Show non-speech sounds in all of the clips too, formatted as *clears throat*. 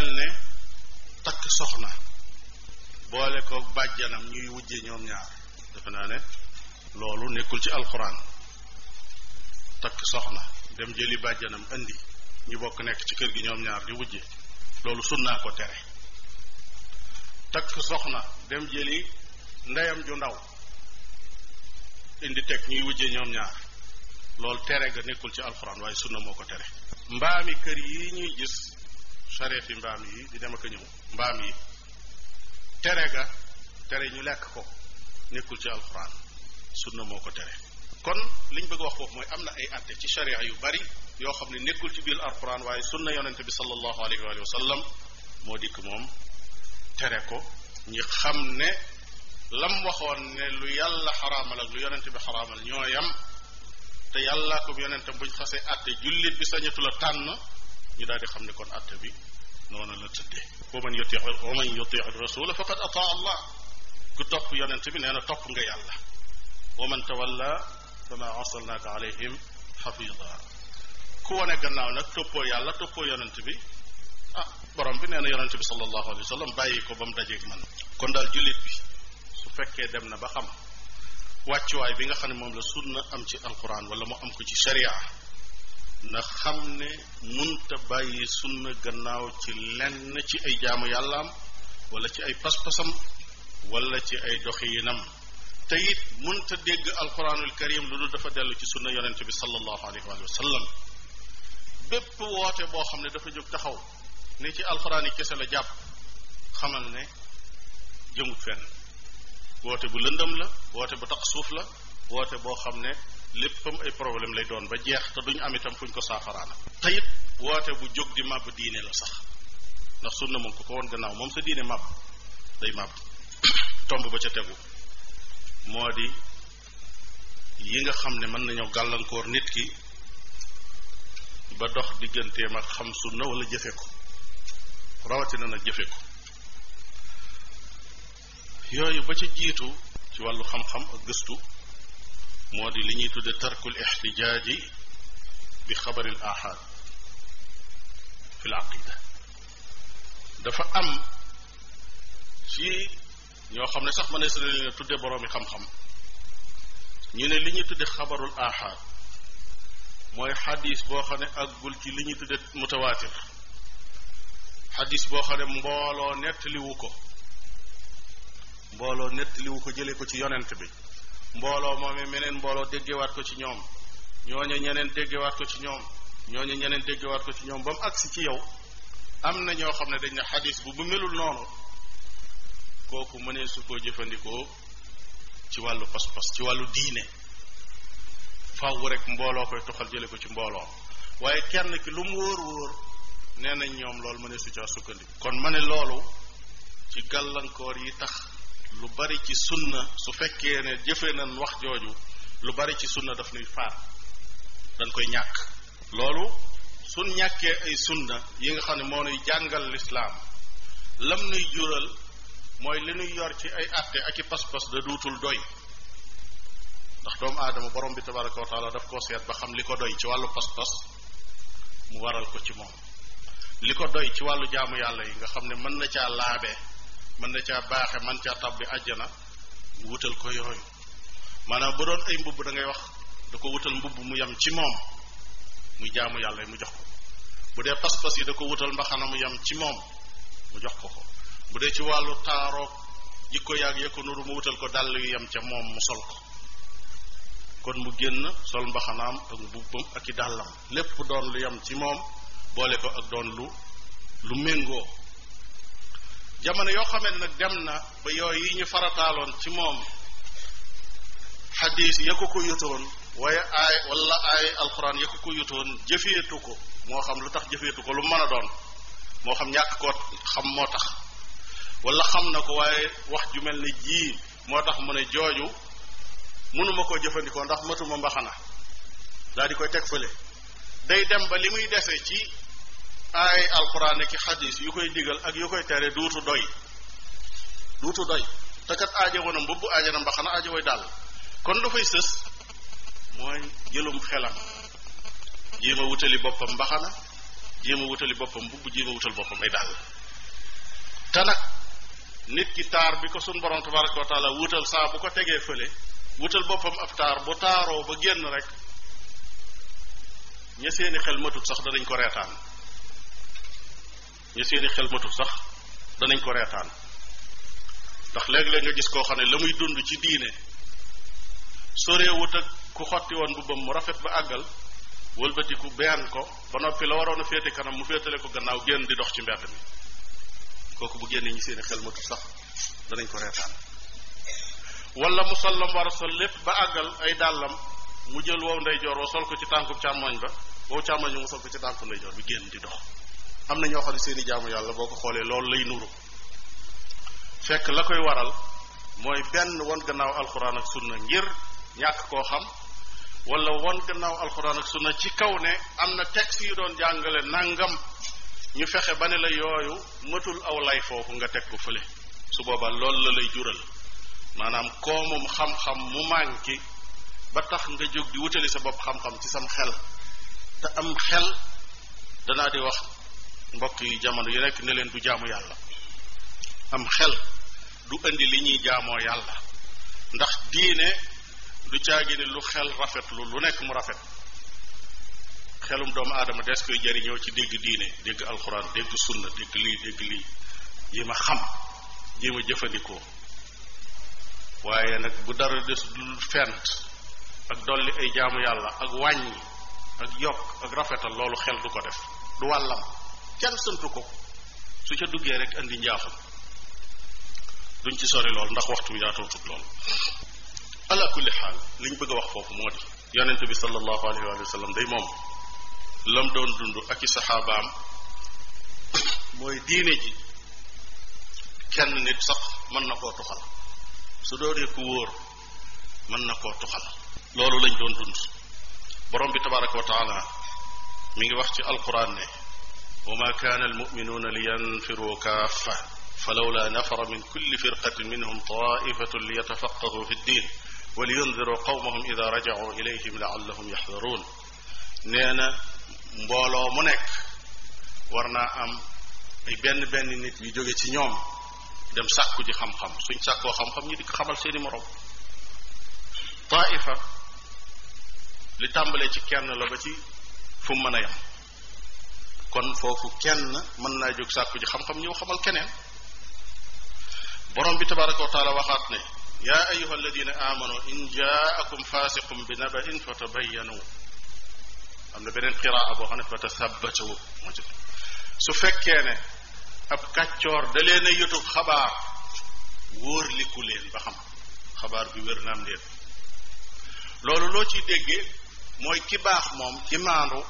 mel ne takk soxna boole ko bàjjanam ñuy wujje ñoom defe naa ne loolu nekkul ci alxuraan takk soxna dem jëli bàjjanam indi ñu bokk nekk ci kër gi ñoom ñaar di wujje loolu sunnaa ko tere takk soxna dem jëli ndeyam ju ndaw indi teg ñuy wujje ñoom ñaar lool tere ga nekkul ci alxuraan waaye sunna moo ko tere mbaami kër yi ñuy gis sareeti mbaam yi di dem a ñëw mbaam yi tere ga tere ñu lekk ko nekkul ci alxuraan sunna moo ko tere kon liñ bëgg wax foofu mooy am na ay atte ci sharia yu bari yoo xam ne nekkul ci biir alxuraan waaye sunna yonente bi sallallahu alayhi wa sallam moo dikk moom tere ko ñi xam ne lam waxoon ne lu yàlla xaraamal ak lu yonente bi xaraamal ñoo yam te yàlla ko yonentam buñ xasee atte jullit bi sañatu la tànn ñu daal di xam ne kon atte bi noonu la tëddee wa man yuti wa man yuti rasula faqad ata allah ku topp yonent bi nee na topp nga yàlla wa man tawalla fama arsalnaaka alayhim xafida ku wane gannaaw nag toppoo yàlla toppoo yonent bi ah borom bi nee na yonent bi sallallahu alayhi wa sallam bàyyi ko ba mu dajeeg man kon daal jullit bi su fekkee dem na ba xam wàccuwaay bi nga xam ne moom la sunna am ci alquran wala mu am ko ci sharia ndax xam ne munta bàyyi sunna gannaaw ci lenn ci ay jaamu yàllaam wala ci ay pas-pasam wala ci ay doxinam te it munta dégg alquranul karim lu dul dafa dellu ci sunna yonente bi sallallahu alayhi wa sallam bépp woote boo xam ne dafa jóg taxaw ne ci alquran yi kese la jàpp xamal ne jëmut fenn woote bu lëndëm la woote bu taq suuf la woote boo xam ne lépp léppam ay problème lay doon ba jeex te duñ am itam fuñ ko saafaraana te it bu jóg di màbb diine la sax ndax sunna moom ko ko woon gannaaw moom sa diine màbb day màbb *coughs* tomb ba ca tegu moo di yi nga xam ne mën nañoo gàllankoor nit ki ba dox digganteem ak xam sunna wala jëfe ko rawatina nag jëfe ko yooyu ba ca jiitu ci wàllu xam-xam ak gëstu moo di li ñuy tudde tarkul ixtijaaji bi xabaril ahad fi l aqida am ci ñoo xam ne sax ma ne sa leen tudde boroomi xam-xam ñu ne li ñuy tudde xabarul ahad mooy xadis boo xam ne àggul ci li ñu tudde mutawaatir xadis boo xam ne mbooloo nettaliwu ko mbooloo nettaliwu ko jëlee ko ci yonent bi mbooloo moomee meneen mbooloo déggewaat ko ci ñoom ñooñu ñeneen déggewaat ko ci ñoom ñooñu ñeneen déggewaat ko ci ñoom ba mu agsi ci yow am na ñoo xam ne dañ ne xadis bu bu melul noonu kooku mënee su ko jëfandikoo ci wàllu pas-pas ci wàllu diine faaw rek mbooloo koy toxal jële ko ci mbooloo waaye kenn ki lu mu wóor wóor nee nañ ñoom loolu mënee su caa sukkandiku kon ma ne loolu ci gàllankoor yi tax lu bari ci sunna su fekkee ne jëfe nañ wax jooju lu bari ci sunna daf nuy faat dañ koy ñàkk loolu sun ñàkkee ay sunna yi nga xam ne moo nuy jàngal lislaam lam nuy jural mooy li nuy yor ci ay àtte ak i pas-pas da duutul doy ndax doomu aadama borom bi tabaraka wa taala daf koo seet ba xam li ko doy ci wàllu pas-pas mu waral ko ci moom li ko doy ci wàllu jaamu yàlla yi nga xam ne mën na caa laabe mën na caa baaxe man caa tabbi àjjana mu wutal ko yooyu maanaam bu doon ay mbubb da ngay wax da ko wutal mbubb mu yem ci moom muy jaamu yàlla mu jox ko bu dee pas-pas yi da ko wutal mbaxana mu yem ci moom mu jox ko ko bu dee ci wàllu taaroog jikko yaag yee ko nuru mu wutal ko dàll yu yem ca moom mu sol ko kon mu génn sol mbaxanaam ak mbubbam ak i dàllam lépp doon lu yem ci moom boole ko ak doon lu lu méngoo jamono yoo xamee nag dem na ba yooyu yi ñu farataaloon ci moom xadiis ya ko ko yotoon waaye aay wala aay alquran ya ko ko yotoon jëfeetu ko moo xam lu tax jëfeetu ko lu mën a doon moo xam ñàkk ko xam moo tax walla xam na ko waaye wax ju mel ni jii moo tax mu ne jooju mënuma koo jëfandikoo ndax matuma mbaxana daal di koy teg fële day dem ba li muy dese ci ay alxuraan ki xadis yu koy digal ak yu koy tere duutu doy duutu doy te kat aajo woon mbubb aajo mbaxana aajo woy daal kon dafay sës mooy jëlum xelam jéem a wutali boppam mbaxana jéem a wutali boppam mbubb jéem a wutal boppam ay daal te nit ki taar bi ko sun borom tabaraka wa taala wutal saa bu ko tegee fële wutal boppam ab taar bu taaroo ba génn rek ña seeni xel matut sax danañ ko reetaan ñu seeni xel matul sax danañ ko reetaan ndax léegi léeg nga gis koo xam ne la muy dund ci diine soreewut ak ku xotti woon bu bam mu rafet ba àggal wëlbatiku beyaan ko ba noppi la waroon a féete kanam mu féetale ko gannaaw génn di dox ci mbedd mi kooku bu génnee ñu seeni xel matul sax danañ ko reetaan wala mu sol lam war a sol lépp ba àggal ay dàllam mu jël wow ndeyjoor wa sol ko ci tànku càmmoñ ba wow càmmoñ bi mu ko ci tànku joor bi génn di dox am na ñoo xam ne seeni jaamu yàlla boo ko xoolee loolu lay nuru fekk la koy waral mooy benn wan gannaaw alxuraan ak sunna ngir ñàkk koo xam wala wan gannaaw alxuraan ak sunna ci kaw ne am na texte yu doon jàngale nangam ñu fexe ba ne la yooyu matul aw lay foofu nga teg ko fële su boobaa loolu la lay jural maanaam koomum xam-xam mu manqué ba tax nga jóg di wutali sa bopp xam-xam ci sam xel te am xel danaa di wax mbokk yi jamono yi nekk ne leen du jaamu yàlla am xel du indi li ñuy jaamoo yàlla ndax diine du caagi ne lu xel rafetlu lu nekk mu rafet xelum doomu aadama des koy jariñoo ci dégg diine dégg alxuraan dégg sunna dégg lii dégg lii jéem a xam jéem a jëfandikoo waaye nag bu dara des dul fent ak dolli ay jaamu yàlla ak wàññi ak yokk ak rafetal loolu xel du ko def du wàllam kenn santu ko su ca duggee rek andi njaaxum duñ ci sori lool ndax waxtu wi yaatootut lool ala xaal liñ bëgg a wax foofu moo di yonente bi sallallahu alayhi wa sallam day moom lam dund ak i saxaabaam *coughs* mooy diine ji kenn nit sax mën na koo tuxal su doonee ku wóor mën na koo tuxal loolu lañ doon dund borom bi tabaraka wa taala ngi wax ci alquran ne wa ma kaana almuminuuna liyanfiruu kaaffa falawla nafara min kulli firqatin minhum taifatun liyatafaqahuu fi ddin wa liyundiruu qawmahum ida rajacuu ilayhim laallahum yaxdaruun nee na mbooloo mu nekk war naa am ay benn benn nit yu jóge ci ñoom dem sàkku ji xam suñ sàkkoo xam-xam ñi di ko xamal seeni morom taifa li tàmbalee ci kenn la ba ci fu mu mën a yam kon foofu kenn mën naa jóg sàkku ji xam-xam ñëw xamal keneen borom bi tabaraka wa taala waxaat ne yaa ayuha alladina amanu in jaakum fasiqum bi nabain fa tabayanu am na beneen qiraa boo xam ne fa tasabbatu moo ci su fekkee ne ab kàccoor da leen a yotub xabaar wóorliku leen ba xam xabaar bi wér naam leen loolu loo ciy déggee mooy ki baax moom ki maandu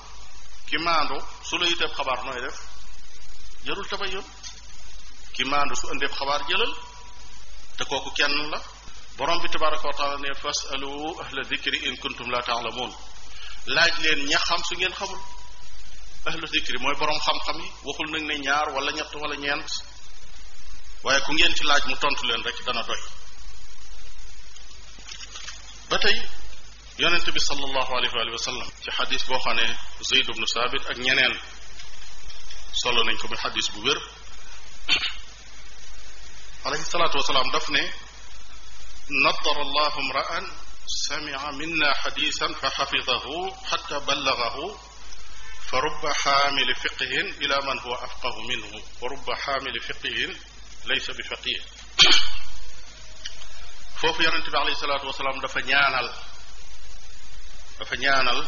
ki maandu su la yiteeb xabaar nooy def jarul tabayyun ki maandu su ëndeeb xabaar jëlal te kooku kenn la boroom bi tabaraka wa taala ne fasalu ahla dikri in kuntum la taalamuun laaj leen ña xam su ngeen xamul ahlu dikri mooy borom xam-xam waxul nag ne ñaar wala ñett wala ñeent waaye ku ngeen ci laaj mu tontu leen rek dana doy ba tey yonent bi sallallahu alayhi wa sallam ci xadis boo xam ne Zayd ibnu Saabit ak ñeneen solo nañ ko muy xadis bu wér *coughs* alayhi salaatu wasalaam daf ne nadara allahu mra'an sami'a minna xadisan fa xafidahu xatta ballagahu fa rubba xaamili fiqhin ila man huwa afqahu minhu wa rubba xaamili fiqhin laysa bi faqih *coughs* foofu yonent bi alayhi salaatu wasalaam dafa ñaanal dafa ñaanal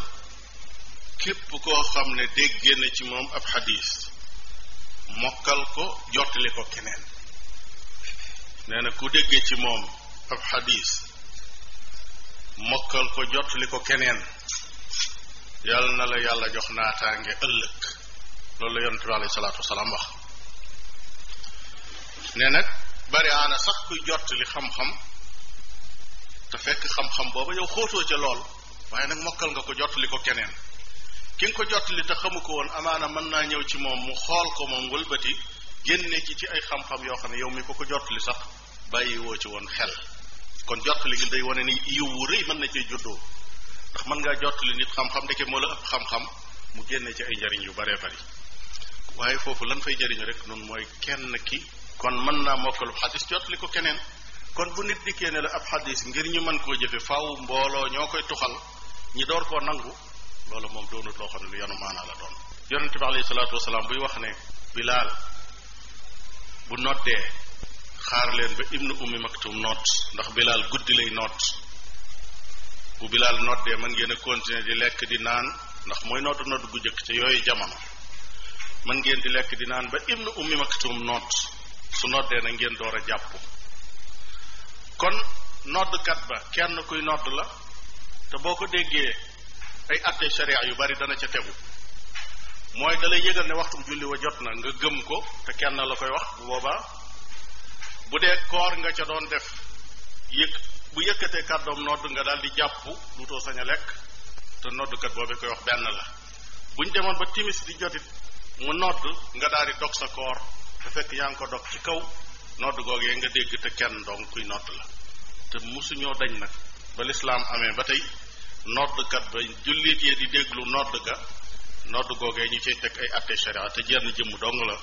képp koo xam ne dégg na ci moom ab xadis mokkal ko jottali ko keneen nee na ku déggee ci moom ab xadis mokkal ko jottali ko keneen yàlla na la yàlla jox naataange ëllëg loolu la yonent bi alayhi salaatu wax ne nag bari aana sax kuy jottali xam-xam te fekk xam-xam booba ñëw xóotoo ca lool waaye nag mokkal nga ko jottali ko keneen ki nga ko jottali te xamu ko woon amaana mën naa ñëw ci moom mu xool ko moom wëlbati génne ci ci ay xam-xam yoo xam ne yow mi ko ko jottali sax bàyyi woo ci woon xel kon jottali gi day wane ni yiw wu rëy mën na cee mën ngaa jottali nit xam-xam ndeke moo la ëpp mu génne ci ay njariñ yu baree bari waaye foofu lan fay jariñu rek noonu mooy kenn ki kon mën naa mokkalu xadis jottali ko keneen kon bu nit dikkee ne la ab xadis ngir ñu mën koo jëfe faw mbooloo ñoo koy tuxal ñi door koo nangu loolu moom doonut loo ne lu yanu maanaa la doon yonente bi alayhi salaatu wasalaam buy wax ne bilaal bu noddee xaar leen ba ibnu ummi maktum noot ndax bilaal guddi lay noot bu bilaal noddee mën ngeen a continuer di lekk di naan ndax mooy nootu nodd gu jëkk ci yooyu jamono mën ngeen di lekk di naan ba ibnu ummi maktum noot su noddee na ngeen door a jàpp kon noddkat ba kenn kuy nodd la te boo ko déggee ay atte sharia yu bari dana ca tegu mooy dalay yëgal ne waxtu julli wa jot na nga gëm ko te kenn la koy wax bu boobaa bu dee koor nga ca doon def yëg bu yëkkatee kàddoom nodd nga daal di jàpp duutoo sañ a lekk te noddkat boobu koy wax benn la bu ñu demoon ba timis di jotit mu nodd nga daal di dog sa koor te fekk yaa ngi ko dog ci kaw nodd googee nga dégg te kenn dong kuy nodd la te mosuñoo dañ nag ba lislaam amee ba tey noddkat ba jullit yi di déglu nodd ga nodd googee ñu cay teg ay atte sharia te jenn jëmm dong la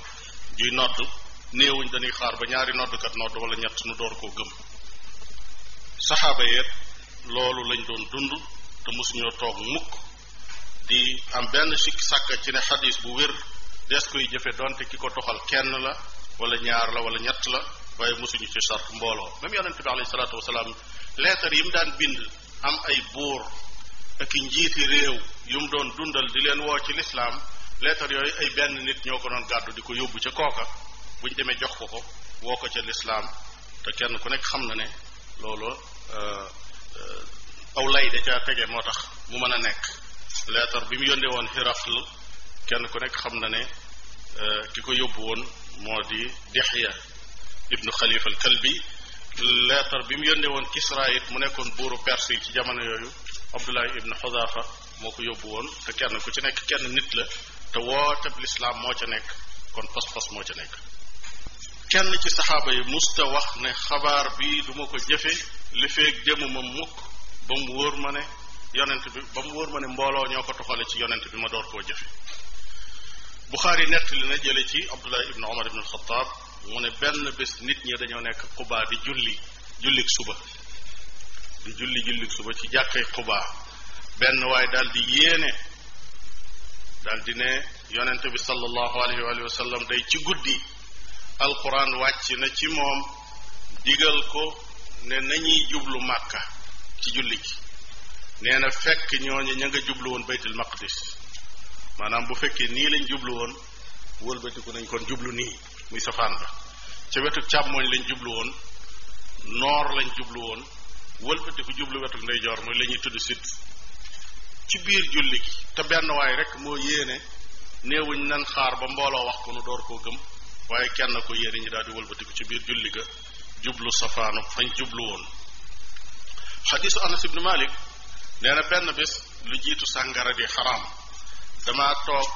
juy nodd néewuñ dañuy xaar ba ñaari noddkat nodd wala ñett nu door koo gëm saxaaba yeet loolu lañ doon dund te mosuñoo toog mukk di am benn sikk sàkka ci ne xadis bu wér des koy jëfe donte ki ko toxal kenn la wala ñaar la wala ñett la waaye mosuñu ci sart mbooloo même yonente bi alayhi salaatu wasalaam leetar yi mu daan bind am ay buur ak i njiiti réew yu mu doon dundal di leen woo ci lislaam leetar yooyu ay benn nit ñoo ko doon gàddu di ko yóbbu ca kooka buñ demee jox ko ko woo ko ca lislaam te kenn ku nekk xam na ne loolu euh, euh, aw lay da caa tege moo tax mu mën a nekk leetar bi mu yónde woon xirafl kenn ku nekk xam na ne euh, ki ko yóbbu woon moo di Dihya ibnu Xalifa al Kalbi leetar bi mu yónde woon Kisra it mu nekkoon buuru Perse yi ci jamono yooyu Abdullah ibn Xudaafa moo ko yóbbu woon te kenn ku ci nekk kenn nit la te woo wootab lislaam moo ca nekk kon pas-pas moo ca nekk kenn ci saxaaba yi musta wax ne xabaar bi du ma ko jëfe li feeg demuma mukk ba mu wóor ma ne yonent bi ba mu wóor ma ne mbooloo ñoo ko toxale ci yonent bi ma door koo jëfe Buxaari li na jële ci Abdullah ibn Omar ibn Xataab mu ne benn bés nit ñi dañoo nekk Qubaa di julli jullik suba di julli julli suba ci jàkkee xubaa benn waaye daldi di yéene daal ne yonente bi sallallahu alayhi wa sallam day ci guddi alquran wàcc na ci moom digal ko ne nañuy jublu màkka ci julli gi nee na fekk ñooñu ña nga jublu woon baytul maqdis maanaam bu fekkee nii lañ jublu woon wëlbatiku nañ kon jublu nii muy safaan ba ca wetu càmmoñ lañ jublu woon noor lañ jublu woon wëlbati ko jublu wetu ndeyjoor mooy la tudd sit ci biir julli gi te benn waay rek moo yéene néewuñ nan xaar ba mbooloo wax ko door koo gëm waaye kenn ko yéene ñi daal di wëlbati ci biir julli ga jublu safaanu fañ jublu woon xadisu anas ibnu malik nee benn bés lu jiitu sàngara di xaraam damaa toog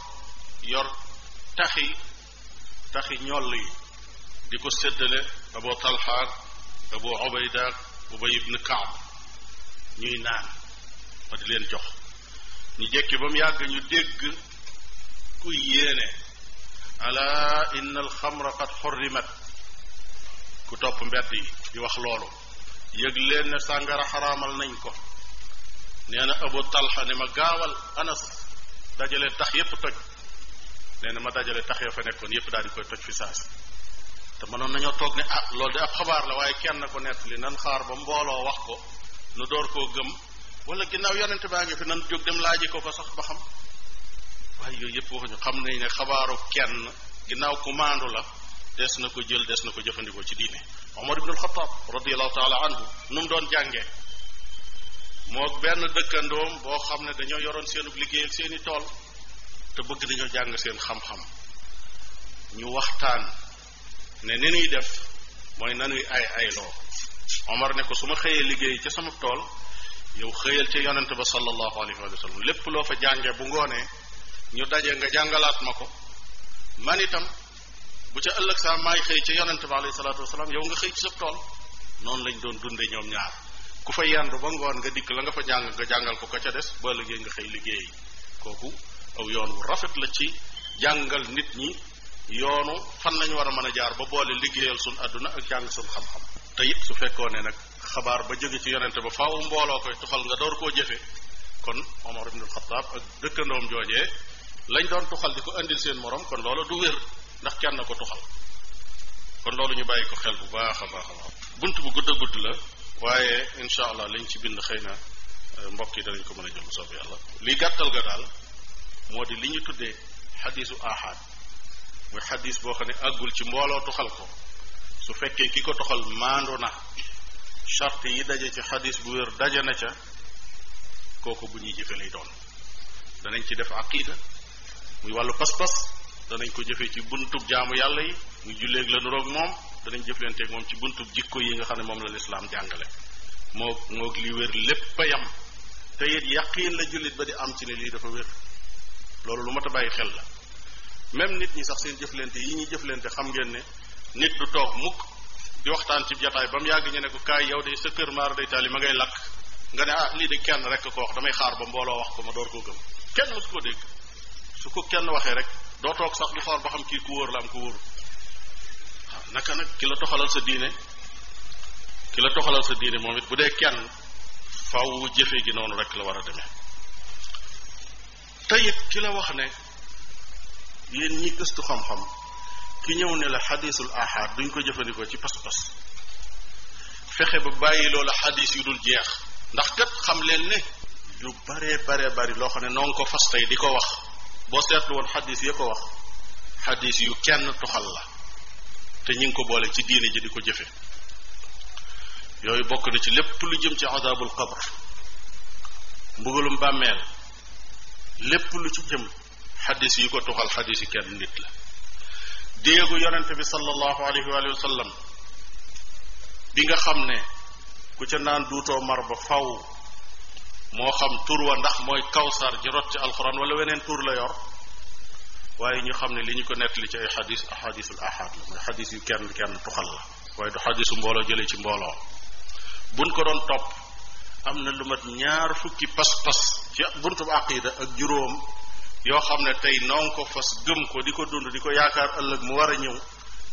yor taxi taxi ñoll yi di ko séddale abu talha abu ubayda ubay ibn kaab ñuy naan ma di leen jox ñu jekki ba mu yàgg ñu dégg ku yéene ala inna alxamra qad xurrimat ku topp mbett yi di wax loolu yëg leen ne sàngara xaraamal nañ ko nee na abu talxa ne ma gaawal anas dajale tax yépp toj nee na ma dajale tax ya fa nekkoon yépp daal di koy toj fi saas te mënoon nañoo toog ne ah loolu de ab xabaar la waaye kenn ko nettali nan xaar ba mbooloo wax ko nu door koo gëm wala ginnaaw yonente baa ngi fi nan jóg dem laaji ko ko sax ba xam waaye yooyu yëpp ñu xam nañ ne xabaaru kenn ginnaaw ku maandu la des na ko jël des na ko jëfandikoo ci diine Omar ibn al-Khattab radiallahu taala anhu nu mu doon jàngee moo benn dëkkandoom boo xam ne dañoo yoroon seenu liggéey seeni tool te bëgg dañoo jàng seen xam ne ni nuy def mooy nanuy ay ayloo Omar ne ko su ma xëyee liggéey ca sama tool yow xëyal ca yonent ba sallallahu alayhi wa sallam lépp loo fa jànge bu ngoonee ñu daje nga jàngalaat ma ko man itam bu ca ëllëg saa maay xëy ca yonent ba alayhi salaatu wasalaam yow nga xëy ci sa tool noonu lañ doon dunde ñoom ñaar ku fa yandu ba ngoon nga dikk la nga fa jàng nga jàngal ko ko ca des ba ëllëgee nga xëy liggéey kooku aw yoon wu rafet la ci jàngal nit ñi yoonu fan lañu war a mën a jaar ba boole liggéeyal suñ àdduna ak jàng suñ xam-xam te su fekkoo ne nag xabaar ba jóge ci yonente ba faaw mbooloo koy tuxal nga door koo jëfe kon Omar ibnul Xataab ak dëkkandoom joojee lañ doon tuxal di ko indil seen morom kon loola du wér ndax kenn na ko tuxal kon loolu ñu bàyyi ko xel bu baax a baax a baax bunt bu gudd a gudd la waaye incha allah liñ ci bind xëy na euh, mbokk yi danañ ko mën a jël bu soobee yàlla li gàttal ga daal moo di li ñu tuddee xadiisu ahad muy xadis boo xam ne àggul ci mbooloo toxal ko su fekkee ki ko toxal maandu na charte yi daje ci xadis bu wér daje na ca kooku bu ñuy jëfe lay doon danañ ci def aqida muy wàllu pas-pas danañ ko jëfee ci buntub jaamu yàlla yi muy julleeg la nuroog moom danañ jëflanteeg moom ci buntub jikko yi nga xam ne moom la lislaam jàngale moo moog li wér lépp a yam te it yaqiin la jullit ba di am ci ne lii dafa wér loolu lu mat a bàyyi xel la même nit ñi sax seen jëflante yi ñuy jëflante xam ngeen ne nit du toog mukk di waxtaan ci jataay ba mu yàgg ñu ne ko kaay yow de sa kër maar day taali ma ngay làkk nga ne ah lii de kenn rek ko wax damay xaar ba mbooloo wax ko ma door koo gëm kenn mos koo dégg su ko kenn waxee rek doo toog sax di xool ba xam kii ku wóor la am ku wóorul naka nag ki la toxalal sa diine ki la toxalal sa diine moom it bu dee kenn faw jëfe gi noonu rek la war a demee te it ki la wax ne yéen ñi gëstu xam-xam ki ñëw ne la xadisul ahad duñ ko jëfandikoo ci pas-pas fexe ba bàyyi loola xadis yu dul jeex ndax kat xam leen ne yu baree baree bari loo xam ne noo ngi ko fas tey di ko wax boo seetlu woon xadis yi ko wax xadis yu kenn toxal la te ñu ngi ko boole ci diine ji di ko jëfe yooyu bokk na ci lépp lu jëm ci azabul qabr mbugalum bàmmeel lépp lu ci jëm xadis yi ko tuxal xadis yi kenn nit la déegu yonente bi sallallahu alayhi wa sallam bi nga xam ne ku ca naan duutoo mar ba faw moo xam tur wa ndax mooy kawsar ji rot ci alxuraan wala weneen tur la yor waaye ñu xam ne li ñu ko nettali ci ay xadis ahadisul ahad la mooy yu kenn kenn tuxal la waaye du xadisu mbooloo jële ci mbooloo buñ ko doon topp am na lu mat ñaar fukki pas-pas ci buntu aqida ak juróom yoo xam ne tey noon ko fas gëm ko di ko dund di ko yaakaar ëllëg mu war a ñëw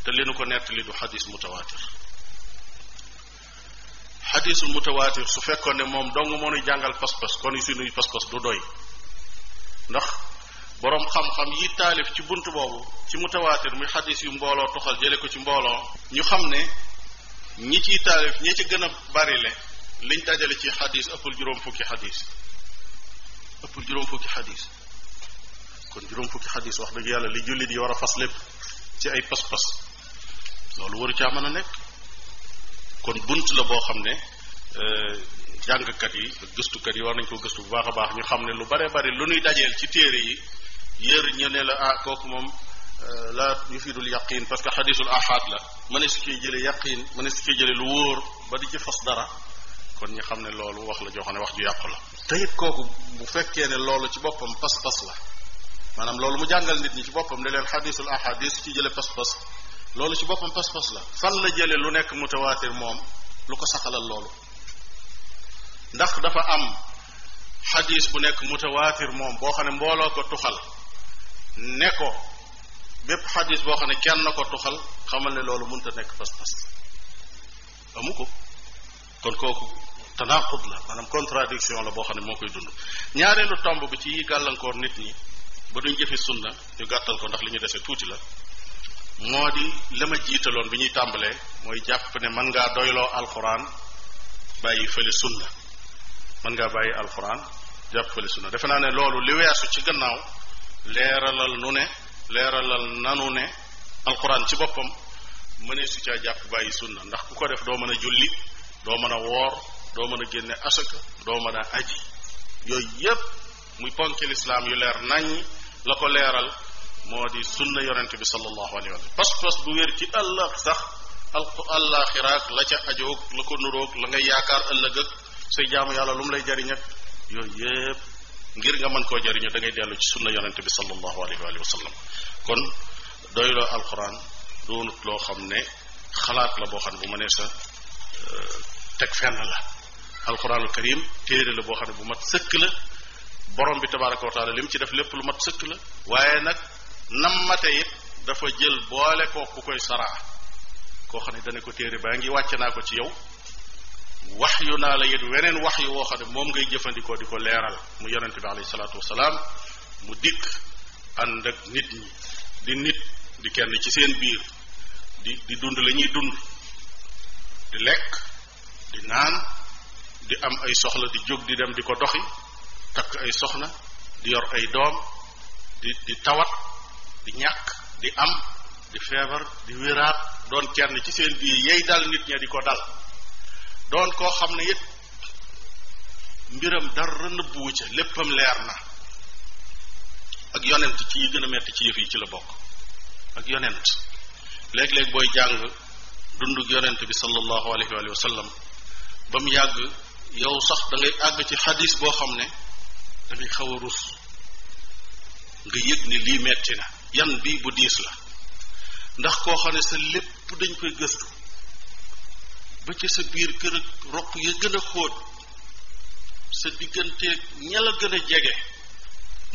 te li nu ko nettali du xadis mutawaatir xadisul mutawaatir su fekkoon ne moom dong moo nuy jàngal pas-pas kon suñuy pas-pas du doy ndax boroom xam-xam yi taalif ci bunt boobu ci mutawaatir muy xadis yu mbooloo toxal jële ko ci mbooloo ñu xam ne ñi ci taalif ñi ci gën a bari le liñ dajale ci xadis ëppul juróom fukki xadis ëpp juróom fukki xadis kon juróom fukki xadis wax dëgg yàlla li jullit yi war a fas lépp ci ay pas-pas loolu waru caa mën a nekk kon bunt la boo xam ne euh, jàngkat yi gëstukat yi war nañ koo gëstu bu baax a baax ñu xam ne lu bare bari lu nuy dajeel ci téere yi yër ñu ne la ah kooku moom euh, la yufidul yaqin parce que xadisul ahad la mëne su ciy jële yaqin mëne si ciy jële lu wóor ba di ci fas dara kon ñu xam ne loolu wax la joo xam ne wax ju yàqu la te kooku bu fekkee ne loolu ci boppam pas la maanaam loolu mu jàngal nit ñi ci boppam ne leen xadisul ahadis ci jële pas-pas loolu ci boppam pas-pas la fan la jële lu nekk mutawaatir moom lu ko saxalal loolu ndax dafa am xadis bu nekk mutawaatir moom boo xam ne mbooloo ko tuxal ne ko bépp xadis boo xam ne kenn na ko tuxal xamal ne loolu mun te nekk pas-pas amu ko kon kooku tanaqud la maanaam contradiction la boo xam ne moo koy dund ñaareelu tomb bi ci yi gàllankoor nit ñi ba duñ jëfe sunna ñu gàttal ko ndax li ñu dese tuuti la moo di la ma jiitaloon bi ñuy tàmbalee mooy jàpp ne mën ngaa doyloo alxuraan bàyyi fële sunna mën nga bàyyi alxuraan jàpp fële sunna defe naa ne loolu li weesu ci gannaaw leeralal nu ne leeralal nanu ne alxuraan ci boppam mënee su jàpp bàyyi sunna ndax ku ko def doo mën a julli doo mën a woor doo mën a génne asaka doo mën a aji yooyu yépp muy ponki lislaam yu leer naññ la ko leeral moo di sunna yonente bi sallallahu alayhi wa sallam pas bu wér ci ëllëg sax al àllaaxiraak la ca ajoog la ko nuroog la ngay yaakaar ëllëg ak say jaamu yàlla lu mu lay jariñ ak yooyu yépp ngir nga mën koo jariñu da ngay dellu ci sunna yonente bi sallallahu alayhi wa sallam kon doyloo alquran doonut loo xam ne xalaat la boo xam ne bu ma nee sa euh, teg fenn la alquranul karim téere la boo xam ne bu mat sëkk la borom bi tabaraka wa li mu ci def lépp lu mat sëkk la waaye nag nam mate dafa jël boole ko ku koy saraa koo xam ne dana ko téere baa ngi wàcce naa ko ci yow wax yu naa la yit weneen wax yi woo xam ne moom ngay jëfandikoo di ko leeral mu yonente bi alayhi salaatu wasalaam mu dikk ànd ak nit ñi di nit di kenn ci seen biir di di dund lañuy ñuy dund di lekk di naan di am ay soxla di jóg di dem di ko doxi takk ay soxna di yor ay doom di di tawat di ñàkk di am di feebar di wéraat doon kenn ci seen biir yey dal nit ña di ko dal doon koo xam ne it mbiram dara nëbbuwu ca léppam leer na ak yonent ci yi gën a metti ci yëf yi ci la bokk ak yonent léeg-léeg booy jàng dunduk yonent bi sallallahu alayhi wa sallam ba mu yàgg yow sax da àgg ci xadis boo xam ne dafay xaw a rus nga yëg ne lii metti na yan bii bu diis la ndax koo xam ne sa lépp dañ koy gëstu ba ci sa biir kër ak roq ya gën a xóot sa digganteeg ña la gën a jege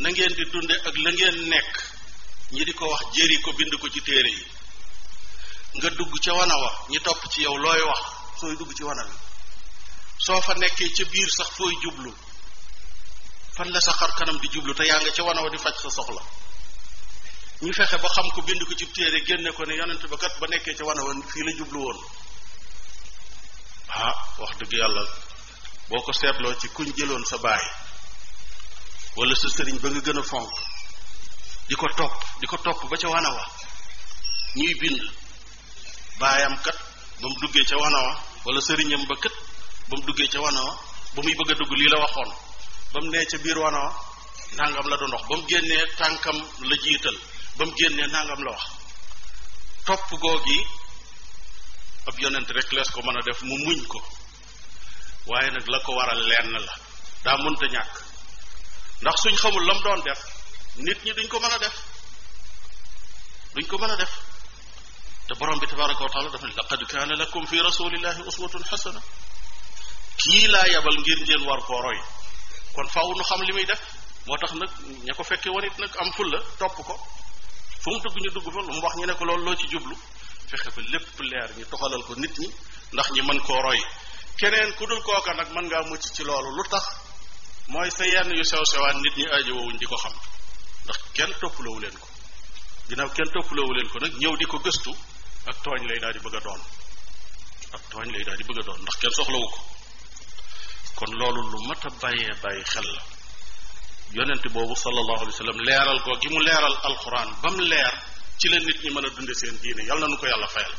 na ngeen di dunde ak la ngeen nekk ñi di ko wax jëri ko bind ko ci téere yi nga dugg ca wana wa ñi topp ci yow looy wax sooy dugg ci wana bi soo fa nekkee ca biir sax fooy jublu fan la sa xar kanam di jublu te yaa nga ca wanaw di faj sa soxla ñu fexe ba xam ko bind ko ci téere génne ko ne yonent ba kat ba nekkee ca wanaw fii la jublu woon ah wax dëgg yàlla boo ko seetloo ci kuñ jëloon sa baay wala sa sëriñ ba nga gën a fonk di ko topp di ko topp ba ca wanawa ñuy bind baayam kat ba mu duggee ca wanawa wala sëriñam ba kat ba mu duggee ca wanawa ba muy bëgg a dugg lii la waxoon ba mu nee ca biir wanoo nangam la doon wax ba mu génnee tànkam la jiital ba mu génnee nangam la wax topp googi ab yonent rek lees ko mën a def mu muñ ko waaye nag la ko waral lenn la daa mënta ñàkk ndax suñ xamul lam doon def nit ñi duñ ko mën a def duñ ko mën a def te borom bi tabaraka wa taala dafa ne laqad kaana lakum fi rasulillahi uswatun xasana kii laa yabal ngir ngeen war koo roy kon faaw nu xam li muy def moo tax nag ña ko fekkee woon it nag am fulla topp ko fu mu dugg ñu dugg fa lu mu wax ñu ne ko loolu loo ci jublu fexe bi lépp leer ñu toxalal ko nit ñi ndax ñi mën koo roy keneen ku dul kooka nag mën ngaa mucc ci loolu lu tax mooy sa yenn yu sew sewaat nit ñi aajowowuñ di ko xam ndax kenn toppaloowu leen ko ginnaaw kenn toppaloowu leen ko nag ñëw di ko gëstu ak tooñ lay daal di bëgg a doon ak tooñ lay daal di bëgg a doon ndax kenn soxlawu ko kon loolu lu mat a bàyyee bàyyi xel la yonent boobu sallallahu alayhi leeral ko gi mu leeral alquran ba mu leer ci la nit ñi mën a dunde seen diine yal na nu ko yàlla fayal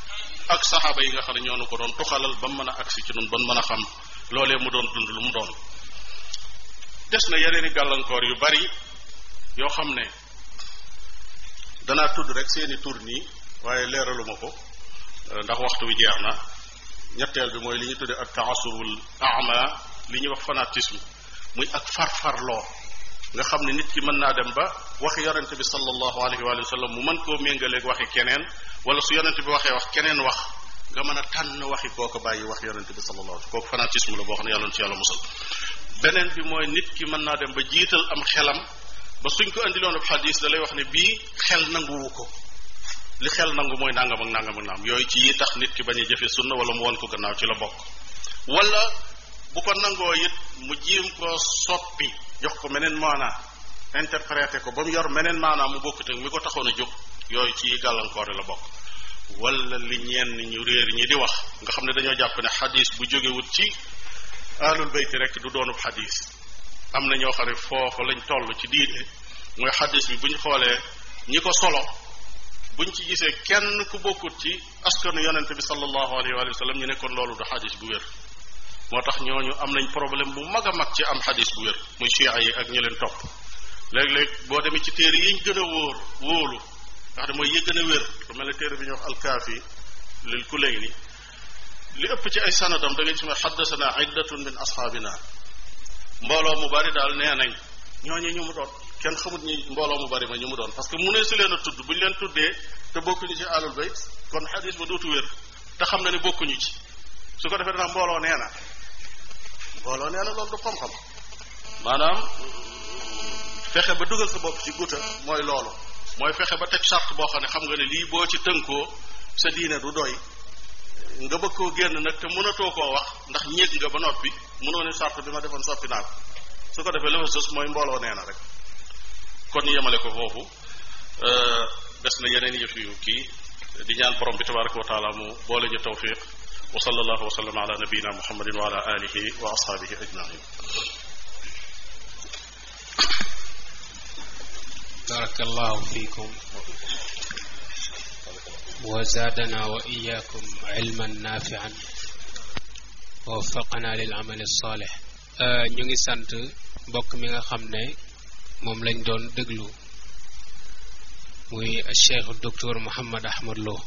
ak saxaaba yi nga xam ne ñoo nu ko doon tuxalal ba mu mën a agsi ci nun ba mu mën a xam loolee mu doon dund lu mu doon des na yeneeni gàllankoor yu bari yoo xam ne danaa tudd rek seeni tur nii waaye leeraluma ko ndax waxtu wi jeex na ñetteel bi mooy li ñu tudde ak taassurul li ñuy wax fanatisme muy ak farloo nga xam ne nit ki mën naa dem ba waxi yonente bi sallallahu alayhi wa sallam mu mën koo méngaleeg waxi keneen wala su yonente bi waxee wax keneen wax nga mën a tànn waxi kooku bàyyi wax yonente bi sallallahu alayhi kooku fanatisme la boo xam ne yàlla ci yàlla musal beneen bi mooy nit ki mën naa dem ba jiital am xelam ba suñ ko indiloon ab xadis da lay wax ne bii xel nanguwu ko li xel nangu mooy nangam ak nangam ak am yooyu ci yi tax nit ki bañ a jëfe sunna wala mu won ko gannaaw ci la bokk bu ko nangoo it mu jiim koo soppi jox ko meneen maanaa interprété ko ba mu yor meneen maanaa mu bokkut ak mi ko taxoon a jóg yooyu ci gàllankoore la bokk wala li ñenn ñu réer ñi di wax nga xam ne dañoo jàpp ne xadis bu jógewut ci ahlul bayt rek du doonub xadis am na ñoo xam ne foofu lañ toll ci diine mooy xadis bi bu ñu xoolee ñi ko solo buñ ci gisee kenn ku bokkut ci askanu yonente bi sallallahu alayhi wa sallam ñu nekkoon loolu du xadis bu wér moo tax ñooñu am nañ problème bu mag a mag ci am xadis bu wér muy chia yi ak ñi leen topp léeg-léeg boo demee ci téere yiñ gën a wóor wóolu nga mooy yi gën wér lu mel ne téere bi ñuy wax alkaafi lil kulayni li ëpp ci ay sanadam da ngay ci ma xaddasana iddatun min asxaabina mbooloo mu bari daal nee nañ ñooñu ñu mu doon kenn xamut ñi mbooloo mu bari ma ñu mu doon parce que mu ne su leen tudd bu ñu leen tuddee te bokkuñu ci alul bay kon xadis ba dootu wér te xam na ne bokkuñu ci su ko defee danaa mbooloo nee na mbooloo nee na loolu du xam-xam maanaam fexe ba dugal sa bopp ci guta mooy loolu mooy fexe ba teg charte boo xam ne xam nga ne lii boo ci tënkoo sa diine du doy nga bëgg koo génn nag te mënatoo koo wax ndax ñéeg nga ba noppi mënoo ne charte bi ma defoon soppi naa ko su ko defee la fa mooy mbooloo nee na rek kon yëmale ko foofu euh, des na yeneen yëf yu kii di ñaan borom bi tabaraka wa taala mu boole ñu tawfiq wa sallallahu wa sallam ala nabiyina muhammadin wa ala alihi wa ashaabihi ajmain barakallahu fiikum wa zaadana wa iyaakum ilman naafian wa waffaqana lil amali saalih ñu ngi sant mbokk mi nga xam ne moom lañ doon déglu muy cheikh docteur Mouhammad Ahmad Lo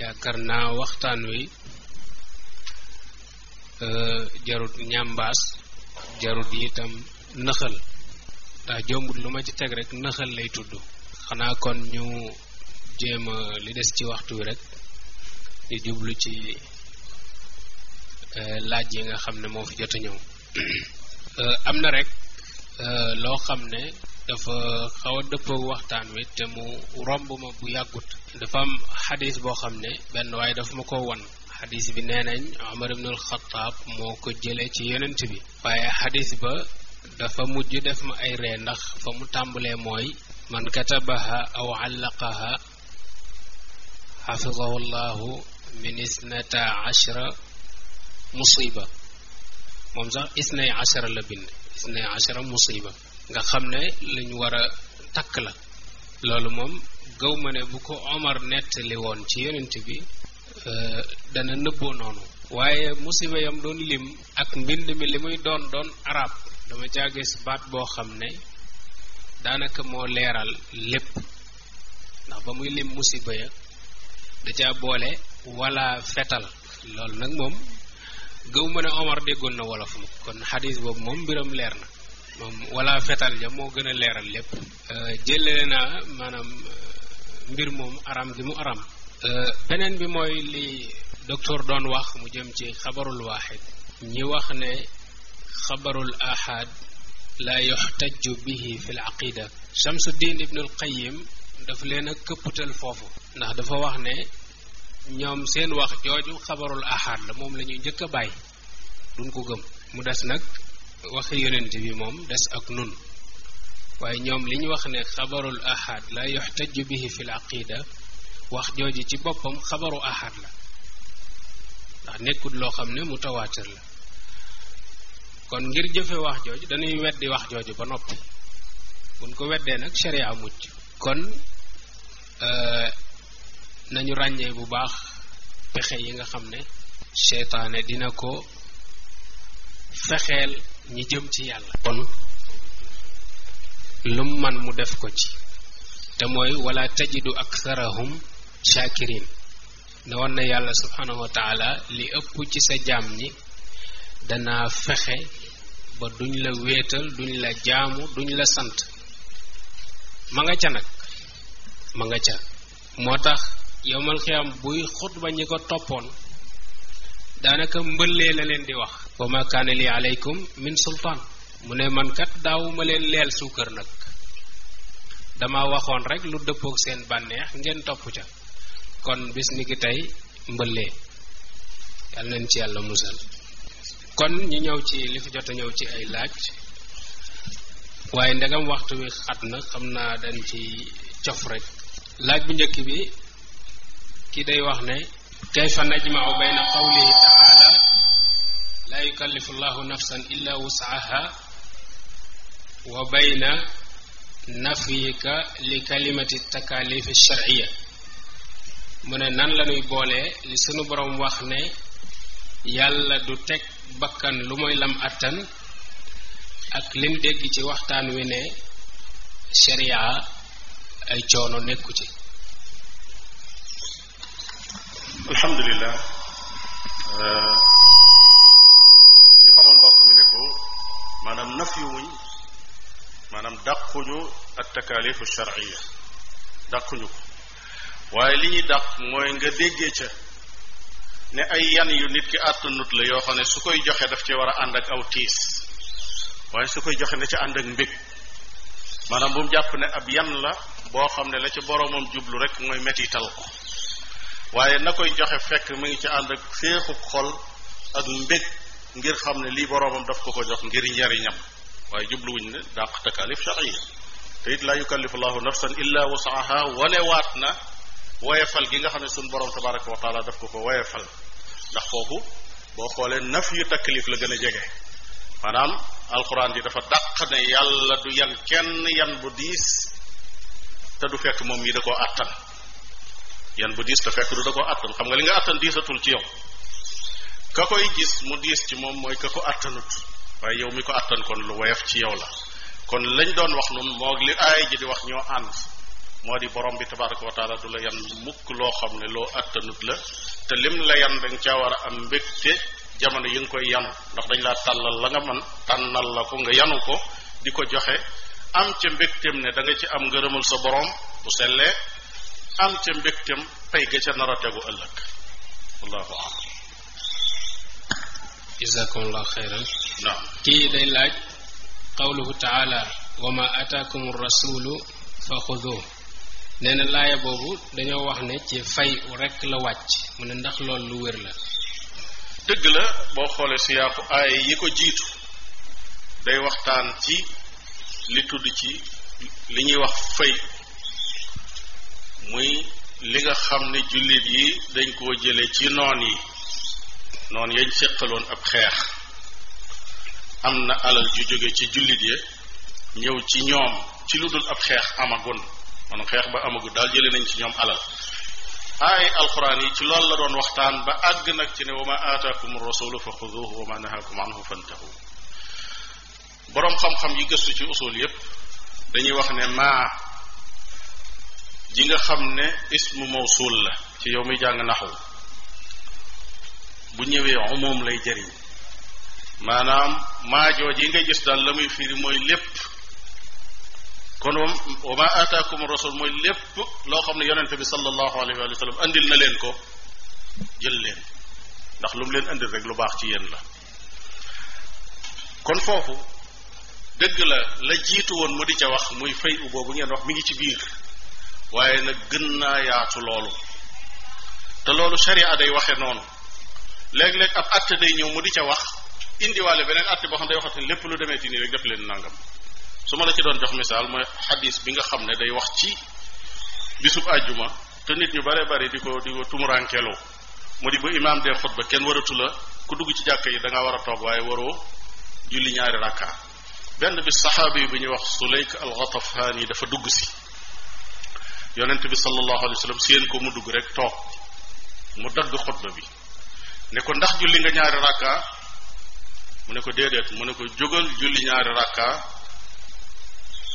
yaakaar naa waxtaan wi euh, jarut ñambaas jarut itam nëxal ndax jombut lu ma ci teg rek nëxal lay tudd xanaa kon ñu jéem a li des ci waxtu wi rek di jublu ci euh, laaj yi nga xam ne moo fi jot a ñëw *clears throat* euh, am na rek loo xam ne dafa xaw a dëppoog waxtaan wi te mu romb ma bu yàggut dafa am xadis boo xam ne benn waaye dafa ma ko won xadis bi nee nañ Umar ibn moo ko jële ci yonent bi waaye xadis ba dafa mujj def ma ay ree ndax fa mu tàmbalee mooy man katabaha aw allaqaha xafidahu llahu min isnata moom sax isnay ashara la bind isnay ashara musiba nga xam ne lañu ñu war a takk la loolu moom gaw ma ne bu ko Omar nettali woon ci yonent bi euh, dana nëbboo noonu waaye musiba yam doon lim ak mbind mi li muy doon doon arab dama caa gis baat boo xam ne daanaka moo leeral lépp ndax ba muy lim musiba ya da caa boole wala fetal loolu nag moom gëw ma ne Omar déggoon na wolof kon xadis boobu moom mbiram leer na wala fetal ja moo gën a leeral lépp euh, jëlee na maanaam euh, mbir moom aram gi mu aram euh, beneen bi mooy li docteur doon wax mu jëm ci xabarul waaxid ñi wax ne xabarul ahad la yuxtaju bihi fi l aqida Shamsuddin Ibnul Qayyim daf leen a këpputal foofu ndax dafa wax ne ñoom seen wax jooju xabarul ahad la moom lañuy ñuy njëkk bàyyi duñ ko gëm mu des nag waxi yonent bi moom des ak nun waaye ñoom li ñu wax ne xabarul ahad la yuxtaju bihi fi l aqida wax jooju ci boppam xabaru ahad la ndax nekkul loo xam ne mu mutawaatir la kon ngir jëfe wax jooju dañuy weddi wax jooju ba noppi buñ ko weddee nag sharia mucc kon euh, nañu ràññee bu baax pexe yi nga xam ne seytaane dina ko fexeel ñi jëm ci yàlla kon lum man mu def ko ci te mooy wala tajidu aktharahum shakirin ne woon na yàlla subhanahu wa taala li ëpp ci sa jaam ni dana fexe ba duñ la wéetal duñ la jaamu duñ la sant ma nga ca nag ma nga ca moo tax yowmal xiyam buy xutba ñi ko toppoon daanaka mbëlee la leen di wax wa ma li aleykum min sultaan mu ne man kat daawuma leen leel suukar nag dama waxoon rekk lu dëppook seen bànneex ngeen topp ca kon bis ni ki tey mbëllee yal nañ ci yàlla musal kon ñu ñëw ci li fi jot a ñëw ci ay laaj waaye ndegam waxtu wi xat na xam naa dañ ci cof rek laaj bu njëkk bi ki day wax ne kayfa najma'u bayna qawlihi ta'ala laa yukallifu llahu nafsan illa wusaaha wa bayna nafyika li kalimati takalifi sharciya mu ne nan la ñuy boolee li sunu borom wax ne yàlla du teg bakkan lu mooy lam àttan ak lim dégg ci waxtaan wi ne sharia ay coono nekku ci alhamdulilah euh, maanaam nafyuwuñ maanaam dàquñu ak takaalifu sharciya dàquñu ko waaye li ñuy dàq mooy nga déggee ca ne ay yan yu nit ki àttanut la yoo xam ne su koy joxee daf ci war a ànd ak aw tiis waaye su koy joxe na ca ànd ak mbég maanaam bu mu jàpp ne ab yan la boo xam ne la ca boroomam jublu rek mooy metital ko waaye na koy joxe fekk mu ngi ci ànd ak féexub xol ak mbég ngir xam ne lii boroomam daf ko ko jox ngir njariñam waaye jubluwuñ ne dàq takalif shar'iyya te it laa yukallifu llahu nafsan illa wane wanewaat na woyefal gi nga xam ne suñ borom tabaraka wa taala daf ko ko woyefal ndax kooku boo xoolee naf yu taklif la gën a jege maanaam alxuraan ji dafa dàq ne yàlla du yan kenn yan bu diis te du fekk moom yi da koo attan yan bu diis te fekk du da koo attan xam nga li nga attan diisatul ci yow ka koy gis mu diis ci moom mooy ka ko attanut waaye yow mi ko attan kon lu woyof ci yow la kon lañ doon wax noonu moo li aay ji di wax ñoo ànd moo di boroom bi tabaraka wa du la yan mukk loo xam ne loo attanut la te lim la yan danga caa war a am mbégte jamono yi nga koy yanu ndax dañ laa tàllal la nga mën tànnal la ko nga yanu ko di ko joxe am ca mbégtem ne da nga ci am ngërëmal sa boroom bu sellee am ca mbégtem pay ga ca nar a ëllëg wallahu a'lam jazakumullahu xayran kii day laaj qawluhu taala wa ma ataakum rasulu fa xuduhu nee na laaya boobu dañoo wax ne ci fay rekk la wàcc mu ne ndax loolu lu wér la dëgg la boo xoolee si yàqu yi ko jiitu day waxtaan ci li tudd ci li ñuy wax fay muy li nga xam ni jullit yi dañ ko jële ci noon yi noonu yañ séqaloon ab xeex am na alal ju jóge ci jullit ya ñëw ci ñoom ci lu dul ab xeex amagun maanaam xeex ba amagun daal jële nañ ci ñoom alal aay alxuraan yi ci lool la doon waxtaan ba àgg nag ci ne wa ma aataakum rasulu fa xuduhu wa ma nahaakum anhu fantahu boroom xam-xam yi gëstu ci usul yépp dañuy wax ne maa ji nga xam ne ismu mawsul la ci yow mi jàng naxu bu ñëwee umum lay jariñ maanaam maajoo ji nga gis daal la muy firi mooy lépp kon wa ma ataakum rasul mooy lépp loo xam ne yonente bi sallallahu alayhi wa sallam andil na leen ko jël leen ndax lu mu leen andil rek lu baax ci yéen la kon foofu dëgg la la jiitu woon mu di ca wax muy fay u boobu ngeen wax mi ngi ci biir waaye nag gën naa yaatu loolu te loolu sharia day waxe noonu léeg-léeg ab atte day ñëw mu di ca wax indiwaale beneen atte boo xam day waxati lépp lu demee ci nii rek def leen nangam su ma la ci doon jox misaal mooy xadis bi nga xam ne day wax ci bisub àjjuma te nit ñu bare bari di ko di ko tumurankeloo mu di bu imaam dee xutba kenn waratu la ku dugg ci jàkk yi danga nga war a toog waaye waroo julli ñaari rakka benn bi saxaabi bi bu ñuy wax Sulayk al-Ghatafani dafa dugg si yonent bi sallallahu alayhi wa sallam séen ko mu dugg rek toog mu dagg xutba bi ne ko ndax julli nga ñaari rakka mu ne ko déedéet mu ne ko jógal julli ñaari rakka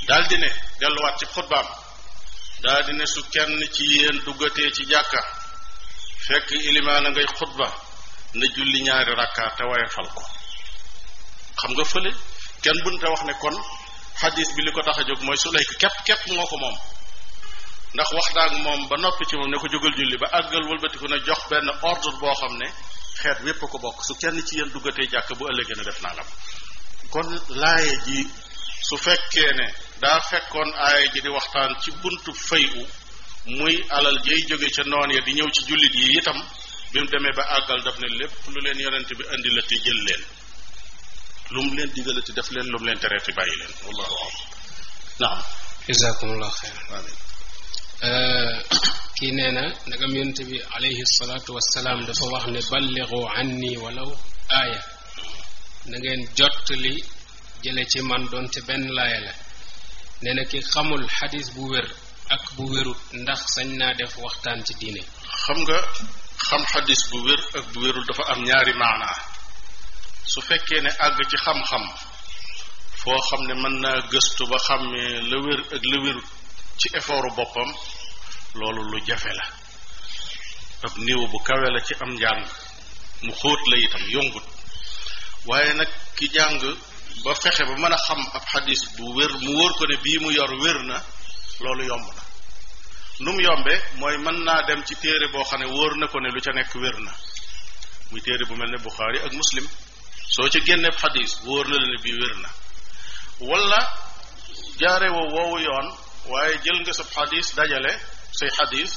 daldi ne delluwaat ci xutbaam daldi ne su kenn ci yéen duggatee ci jàkka fekk ilimaana ngay xutba na julli ñaari rakka te waye fal ko xam nga fële kenn buñ te wax ne kon xadis bi li ko tax a jóg mooy su lay képp képp moo ko moom ndax wax naa ak moom ba noppi ci moom ne ko jógal julli ba àggal wëlbatiku na jox benn ordre boo xam ne xeet wépp ko bokk su kenn ci yéen duggatee jàkk bu ëllëgee na def nangam kon laaye ji su fekkee ne daa fekkoon aaye ji di waxtaan ci buntu fayu muy alal jay jóge ca noon ya di ñëw ci jullit yi itam bi mu demee ba àggal daf ne lépp lu leen yonent bi indi la ti jël leen lu mu leen digalati def leen lu mu leen tereeti bàyyi leen wallahu am naam jazakumullahu xeyran amin Euh, kii nee na ndagam yonent bi alayhi salaatu wassalaam dafa wax ne balligu anni walaw aaya na ngeen jot li jële ci man doon ci benn laaya la nee na ki xamul xadis bu wér ak bu wérut ndax sañ naa def waxtaan ci diine xam nga xam xadis wérul dafa am ñaari maana su fekkee ne àgg ci xam-xam foo xam ne mën naa gëstu ba xam la wér ak la wérut ci effortu boppam loolu lu jafe la ab niveau bu kawe la ci am njàng mu xóot la itam yombut waaye nag ki jàng ba fexe ba mën a xam ab xadis bu wér mu wóor ko ne bii mu yor wér na loolu yomb na nu mu mooy mën naa dem ci téere boo xam ne wóor na ko ne lu ca nekk wér na muy téere bu mel ne Buxaari ak Muslim soo ca génneeb xadis wóor na la ne bii wér na wala jaare woowu yoon waaye jël nga sa xadis dajale say xadis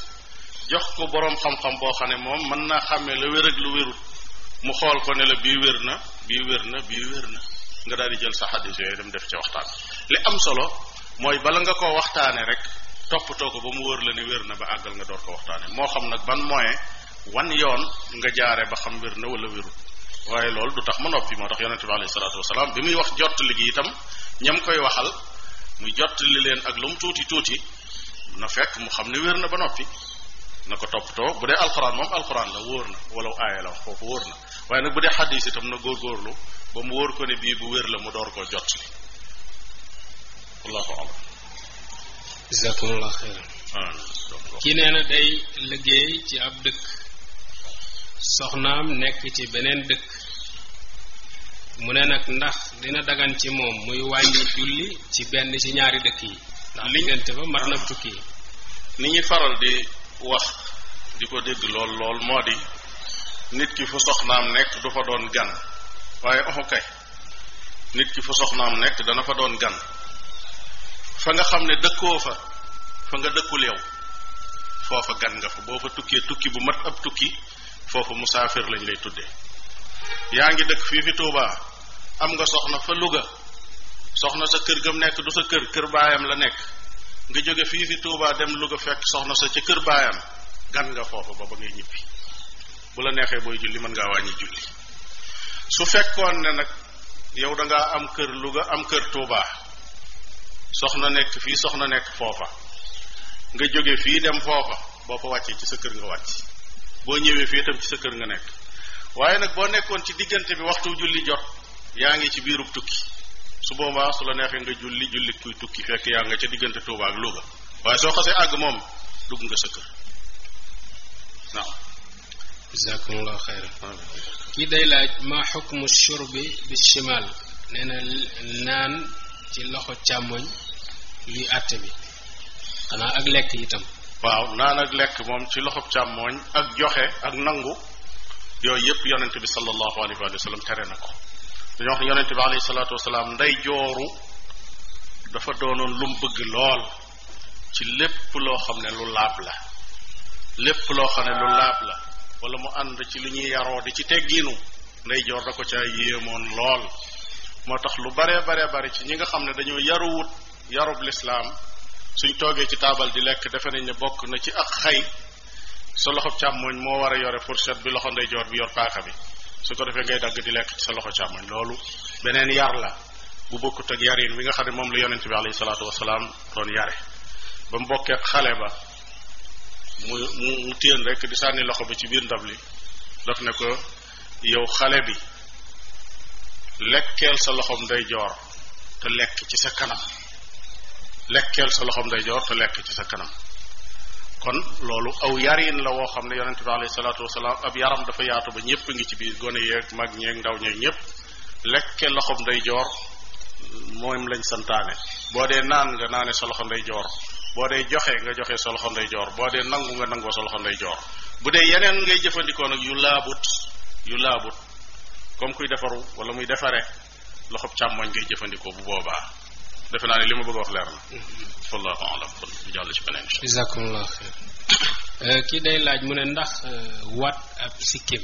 jox ko boroom xam-xam boo xam ne moom mën naa xàmmee la wér lu wérut mu xool ko ne la bii wér na bii wér na bii wér na nga daal di jël sa xadis yooyu dem def ci waxtaan li am solo mooy bala nga ko waxtaane rek toppatoo ko ba mu wër la ne wér na ba àggal nga door ko waxtaane moo xam nag ban moyen wan yoon nga jaare ba xam wér na wala wérut waaye loolu du tax ma noppi moo tax yonente bi alayhi salaatu wasalaam bi muy wax jot ligi itam ñam koy waxal muy jottali leen ak lu mu tuuti tuuti na fekk mu xam ne wér na ba noppi na ko toppatoo bu dee alxuraan moom alxuraan la wóor na wala aaya la wax foofu wóor na waaye nag bu dee xadis itam na góorgóorlu ba mu wóor ko ne bii bu wér la mu door koo jottali wallahu alam ki nee na day liggéey ci ab dëkk soxnaam nekk ci beneen dëkk mu ne nag ndax dina dagan ci moom muy wàññi julli ci benn ci ñaari dëkk yi ndax diggante ba mat na tukki ni ñuy faral di wax di ko dégg lool lool moo di nit ki fu soxnaam nekk du fa doon gan waaye oxu nit ki fu soxnaam nekk dana fa doon gan fa nga xam ne dëkkoo fa fa nga dëkkul yow foofa gan nga fa boo fa tukkee tukki bu mat ab tukki foofa musaafir lañ lay tuddee yaa ngi dëkk fii fi Tuubaa am nga soxna fa Louga soxna sa kër gam nekk du sa kër kër baayam la nekk nga jóge fii fi tuubaa dem Louga fekk soxna sa ca kër baayam gan nga foofu ba ba ngay ñibbi bu la neexee booy julli mën ngaa wàññi julli su fekkoon ne nag yow da ngaa am kër Louga am kër Touba soxna nekk fii soxna nekk foofa nga jóge fii dem foofa boo ko wàccee ci sa kër nga wàcc boo ñëwee fii itam ci sa kër nga nekk waaye nag boo nekkoon ci diggante bi waxtu julli jot yaa ngi ci biirub tukki su boobaa su la neexee nga julli julli kuy tukki fekk yaa nga ca diggante Touba ak Louga waaye soo xasee àgg moom dugg nga sa kër naam day laaj ma xukmu shurbi bi shimal nee na naan loxo càmmoñ luy àtte bi xanaa ak lekk itam waaw naan ak lekk moom ci loxo càmmoñ ak joxe ak nangu yooyu yépp yonente bi sallallahu alayhi wa sallam tere na ko dañoo wax ne yonente bi alayhi salaatu wasalaam nday jooru dafa doonoon lu mu bëgg lool ci lépp loo xam ne lu laab la lépp loo xam ne lu laab la wala mu ànd ci lu ñuy yaroo di ci teggiinu nday joor da ko caa yéemoon lool moo tax lu baree baree bari ci ñi nga xam ne dañoo yaruwut yarub lislaam suñ toogee ci taabal di lekk defe nañ ne bokk na ci ak xay sa loxob càmmooñ moo war a yore fourchette bi loxo ndeyjoor bi yor paaka bi su ko defee ngay dagg di lekk ci sa loxo càmmoñ loolu beneen yar la bu bokkut ak yarin bi nga xam ne moom la yonente bi alayhi salaatu wasalaam doon yare ba mu xale ba mu mu rek di sànni loxo bi ci biir ndab li daf ne ko yow xale bi lekkeel sa loxom day joor te lekk ci sa kanam lekkeel sa loxom nday joor te lekk ci sa kanam kon loolu aw yarin la woo xam ne yonente bi alayhi salaatu wasalaam ab yaram dafa yaatu ba ñëpp ngi ci biir gone yeeg mag ñeeg ndaw ñeeg ñëpp lekke loxom day joor moom lañ santaane boo dee naan nga naane sa loxo nday joor boo dee joxe nga joxe sa loxo nday joor boo dee nangu nga nangoo sa loxo nday joor bu dee yeneen ngay jëfandikoo nag yu laabut yu laabut comme kuy defaru wala muy defaree loxob càmmoñ ngay jëfandikoo bu boobaa defe naa ne li ma bëgg wax leer na mm-hmm. wallahu alam kon jàll ci beneen jazakumullah euh, kii day laaj mu ndax euh, waat ab sikkim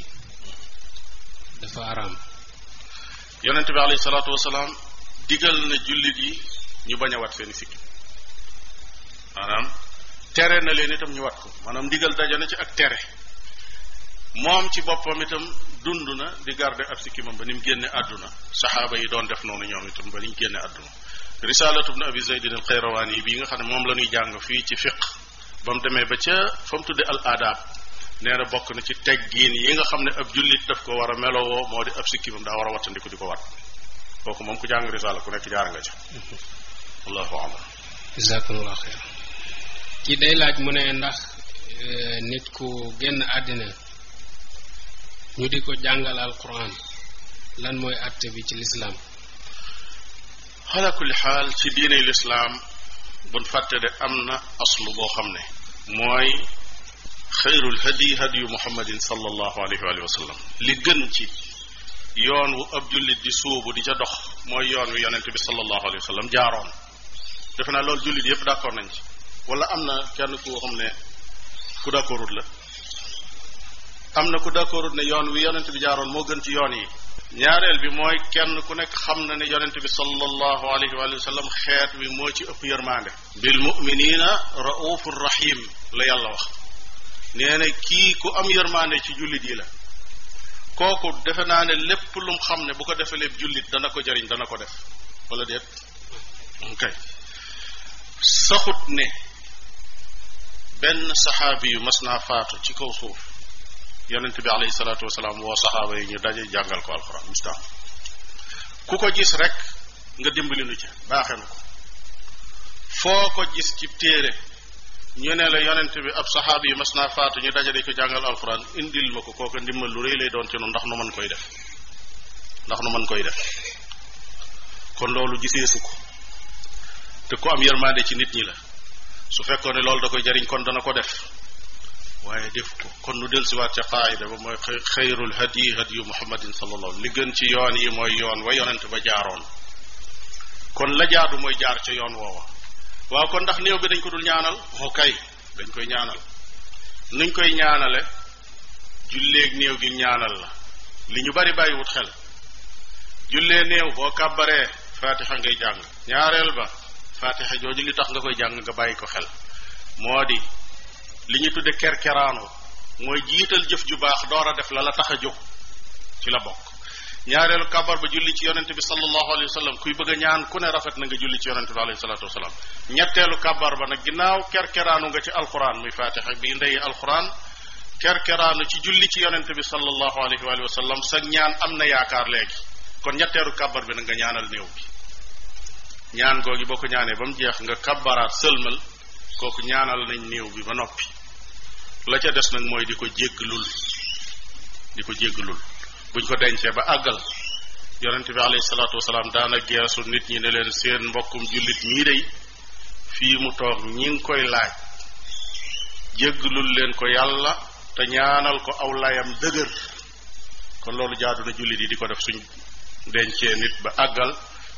dafa araam yonente bi alayhi jullit yi ñu bañ a wat seeni sikkim tere na leen itam ñu wat ko maanaam digal daje na ci ak tere moom ci boppam itam dund na di garder ab sikkimam ba ni mu génne àdduna saxaaba yi doon def noonu ñoom itam ba ni ñu génne àdduna risalatu bne abi zaydin al yi bii nga xam ne moom la jàng fii ci fiq ba mu demee ba ca fa mu tudde al aadaab nee bokk na ci teggiin yi nga xam ne ab jullit daf ko war a melowoo moo di ab sikkimam daa war a wattandiku di ko wat kooku moom ku jàng risaala ku nekk jaar nga ca allahu alam jazakumullah xeyr kii day laaj mu ne ndax e, nit ku génn àddina ñu di ko jàngal al quran lan mooy àtte bi ci lislaam ala kulli xaal ci diiney lislaam buñ fàtte de am na aslu boo xam ne mooy xayrul hadi hadiyu muhammadin sallallahu alayhi wa sallam li gën ci yoon wu ab jullit di suubu di ca dox mooy yoon wi yonente bi sallallahu alayhi wa sallam jaaroon defe naa loolu jullit yépp d'accord nañ ci wala am na kenn ku xam ne ku d'accordut la am na ku d'accordut ne yoon wi yonente bi jaaroon moo gën ci yoon yi ñaareel bi mooy kenn ku nekk xam na ne yonente bi sallallahu alayhi wa sallam xeet wi moo ci ëpp yërmaande bil muminina raufur rahim la yàlla wax nee kii ku am yërmaande ci jullit yi la kooku defe naa ne lépp lum xam ne bu ko defee lépp jullit dana ko jariñ dana ko def wala déet kay saxut ne benn saxaabi yu mas naa faatu ci kaw suuf yonent bi alayhi salaatu wasalaam woo saxaaba yi ñu daje jàngal ko alxuraan mustaam ku ko gis rek nga dimbali nu ci baaxe na ko foo ko gis ci téere ñu ne la yonent bi ab saxaabi yi mas naa faatu ñu daja di ko jàngal alxuraan indil ma ko kooku ndimbal lu rëy lay doon ci noonu ndax nu mën koy def ndax nu mën koy def kon loolu gisee su ko te ku am yërmande ci nit ñi la su fekkoon ne loolu da ko jariñ kon dana ko def waaye def ko kon nu dellusiwaat ca qaayida ba mooy xayrul hadi hadiyu muhammadin sallallahu li gën ci yoon yi mooy yoon wa yonent ba jaaroon kon la jaadu mooy jaar ca yoon woowa waaw kon ndax néew bi dañ ko dul ñaanal oo oh, kay dañ koy ñaanal nuñ koy ñaanale julleeg néew gi ñaanal la li ñu bari bàyyiwut xel jullee néew boo kàbbaree fatiha ngay jàng ñaareel ba fatiha jooju li tax nga koy jàng nga bàyyi ko xel moo di li ñu tudde kerkeraanu mooy jiital jëf ju baax door a def la la tax a jóg ci la bokk ñaareelu kabar ba julli ci yonente bi sallallahu alayhi wa sallam kuy bëgg a ñaan ku ne rafet na nga julli ci yonente bi alayhi salatu wasalaam ñetteelu kabar ba nag ginnaaw kerkeraanu nga ci alquran muy fatiha bi ndey alquran kerkeraanu ci julli ci yonente bi sallallahu alayhi wa sallam sa ñaan am na yaakaar léegi kon ñetteelu kabar bi nag nga ñaanal néew bi ñaan googi boo ko ñaanee ba mu jeex nga kabaraat sëlmal kooku ñaanal nañ néew bi ba noppi la ca des nag mooy di ko jéggalul di ko jéggalul buñ ko dencee ba àggal yonente bi alayhi salaatu wasalaam daana geesu nit ñi ne leen seen mbokkum jullit ñii day fii mu toog ñi ngi koy laaj jéggalul leen ko yàlla te ñaanal ko aw layam dëgër kon loolu jaadu na jullit yi di ko def suñ dencee nit ba àggal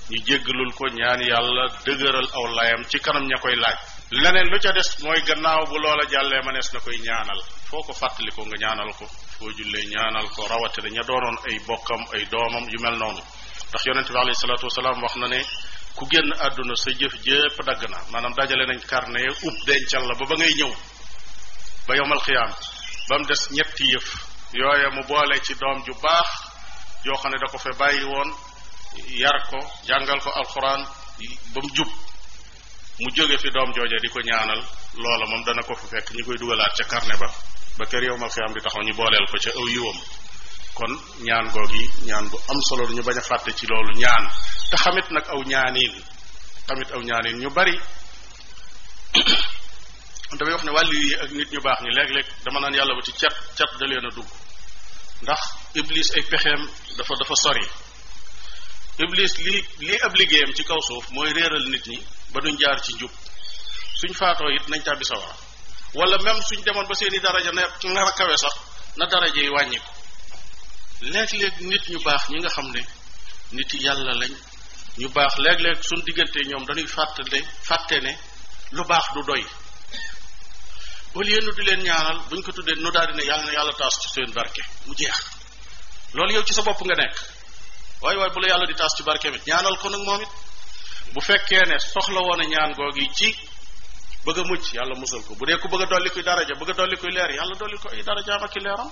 ñu jéggalul ko ñaan yàlla dëgëral aw layam ci kanam ña koy laaj leneen lu ca des mooy gannaaw bu loola jàllee ma nees na koy ñaanal foo ko fàttali ko nga ñaanal ko foo jullee ñaanal ko rawatina ña doonoon ay bokkam ay doomam yu mel noonu ndax yonente bi alayhi salaatu wasalaam wax na ne ku génn àdduna sa jëf jépp dagg na maanaam dajale nañ carnet ub dencal la ba ba ngay ñëw ba yowmal xiyaam ba mu des ñetti yëf yooye mu boole ci doom ju baax yoo xam ne da ko fe bàyyi woon yar ko jàngal ko alxuraan ba mu jub mu jóge fi doom jooja di ko ñaanal loola moom dana ko fa fekk ñu koy dugalaat ca carnet ba ba kër yow ma am di taxaw ñu booleel ko ca aw yiwam kon ñaan koo googi ñaan bu am solo ñu bañ a fàtte ci loolu ñaan te xamit nag aw ñaaniin xamit aw ñaaniin ñu bari *coughs* damay wax ne wàllu yi ak nit ñu baax ñi léeg-léeg dama naan yàlla ba ci cat cat da leen a dugg ndax iblis ay pexeem dafa dafa sori iblis li lii ab liggéeyam ci kaw suuf mooy réeral nit ñi ba duñ jaar ci njub suñ faatoo it nañ tàbbi sawara wala même suñ demoon ba seen i daraja ne nar a kawe sax na daraja yi wàññi ko léeg nit ñu baax ñi nga xam ne nit yàlla lañ ñu baax léeg-léeg suñ diggante ñoom dañuy fàttale fàtte ne lu baax du doy au lieu nu di leen ñaanal buñ ko tuddee nu daal di ne yàlla na yàlla taas ci seen barke mu jeex loolu yow ci sa bopp nga nekk waaye waaye bu la yàlla di taas ci barke bi ñaanal ko nag moom it bu fekkee ne soxla woon a ñaan googi ci bëgg a mucc yàlla musal ko bu dee ku bëgg a dolli kuy daraja bëgg a dolli kuy leer yàlla dolli koy ay darajaam ak i leeram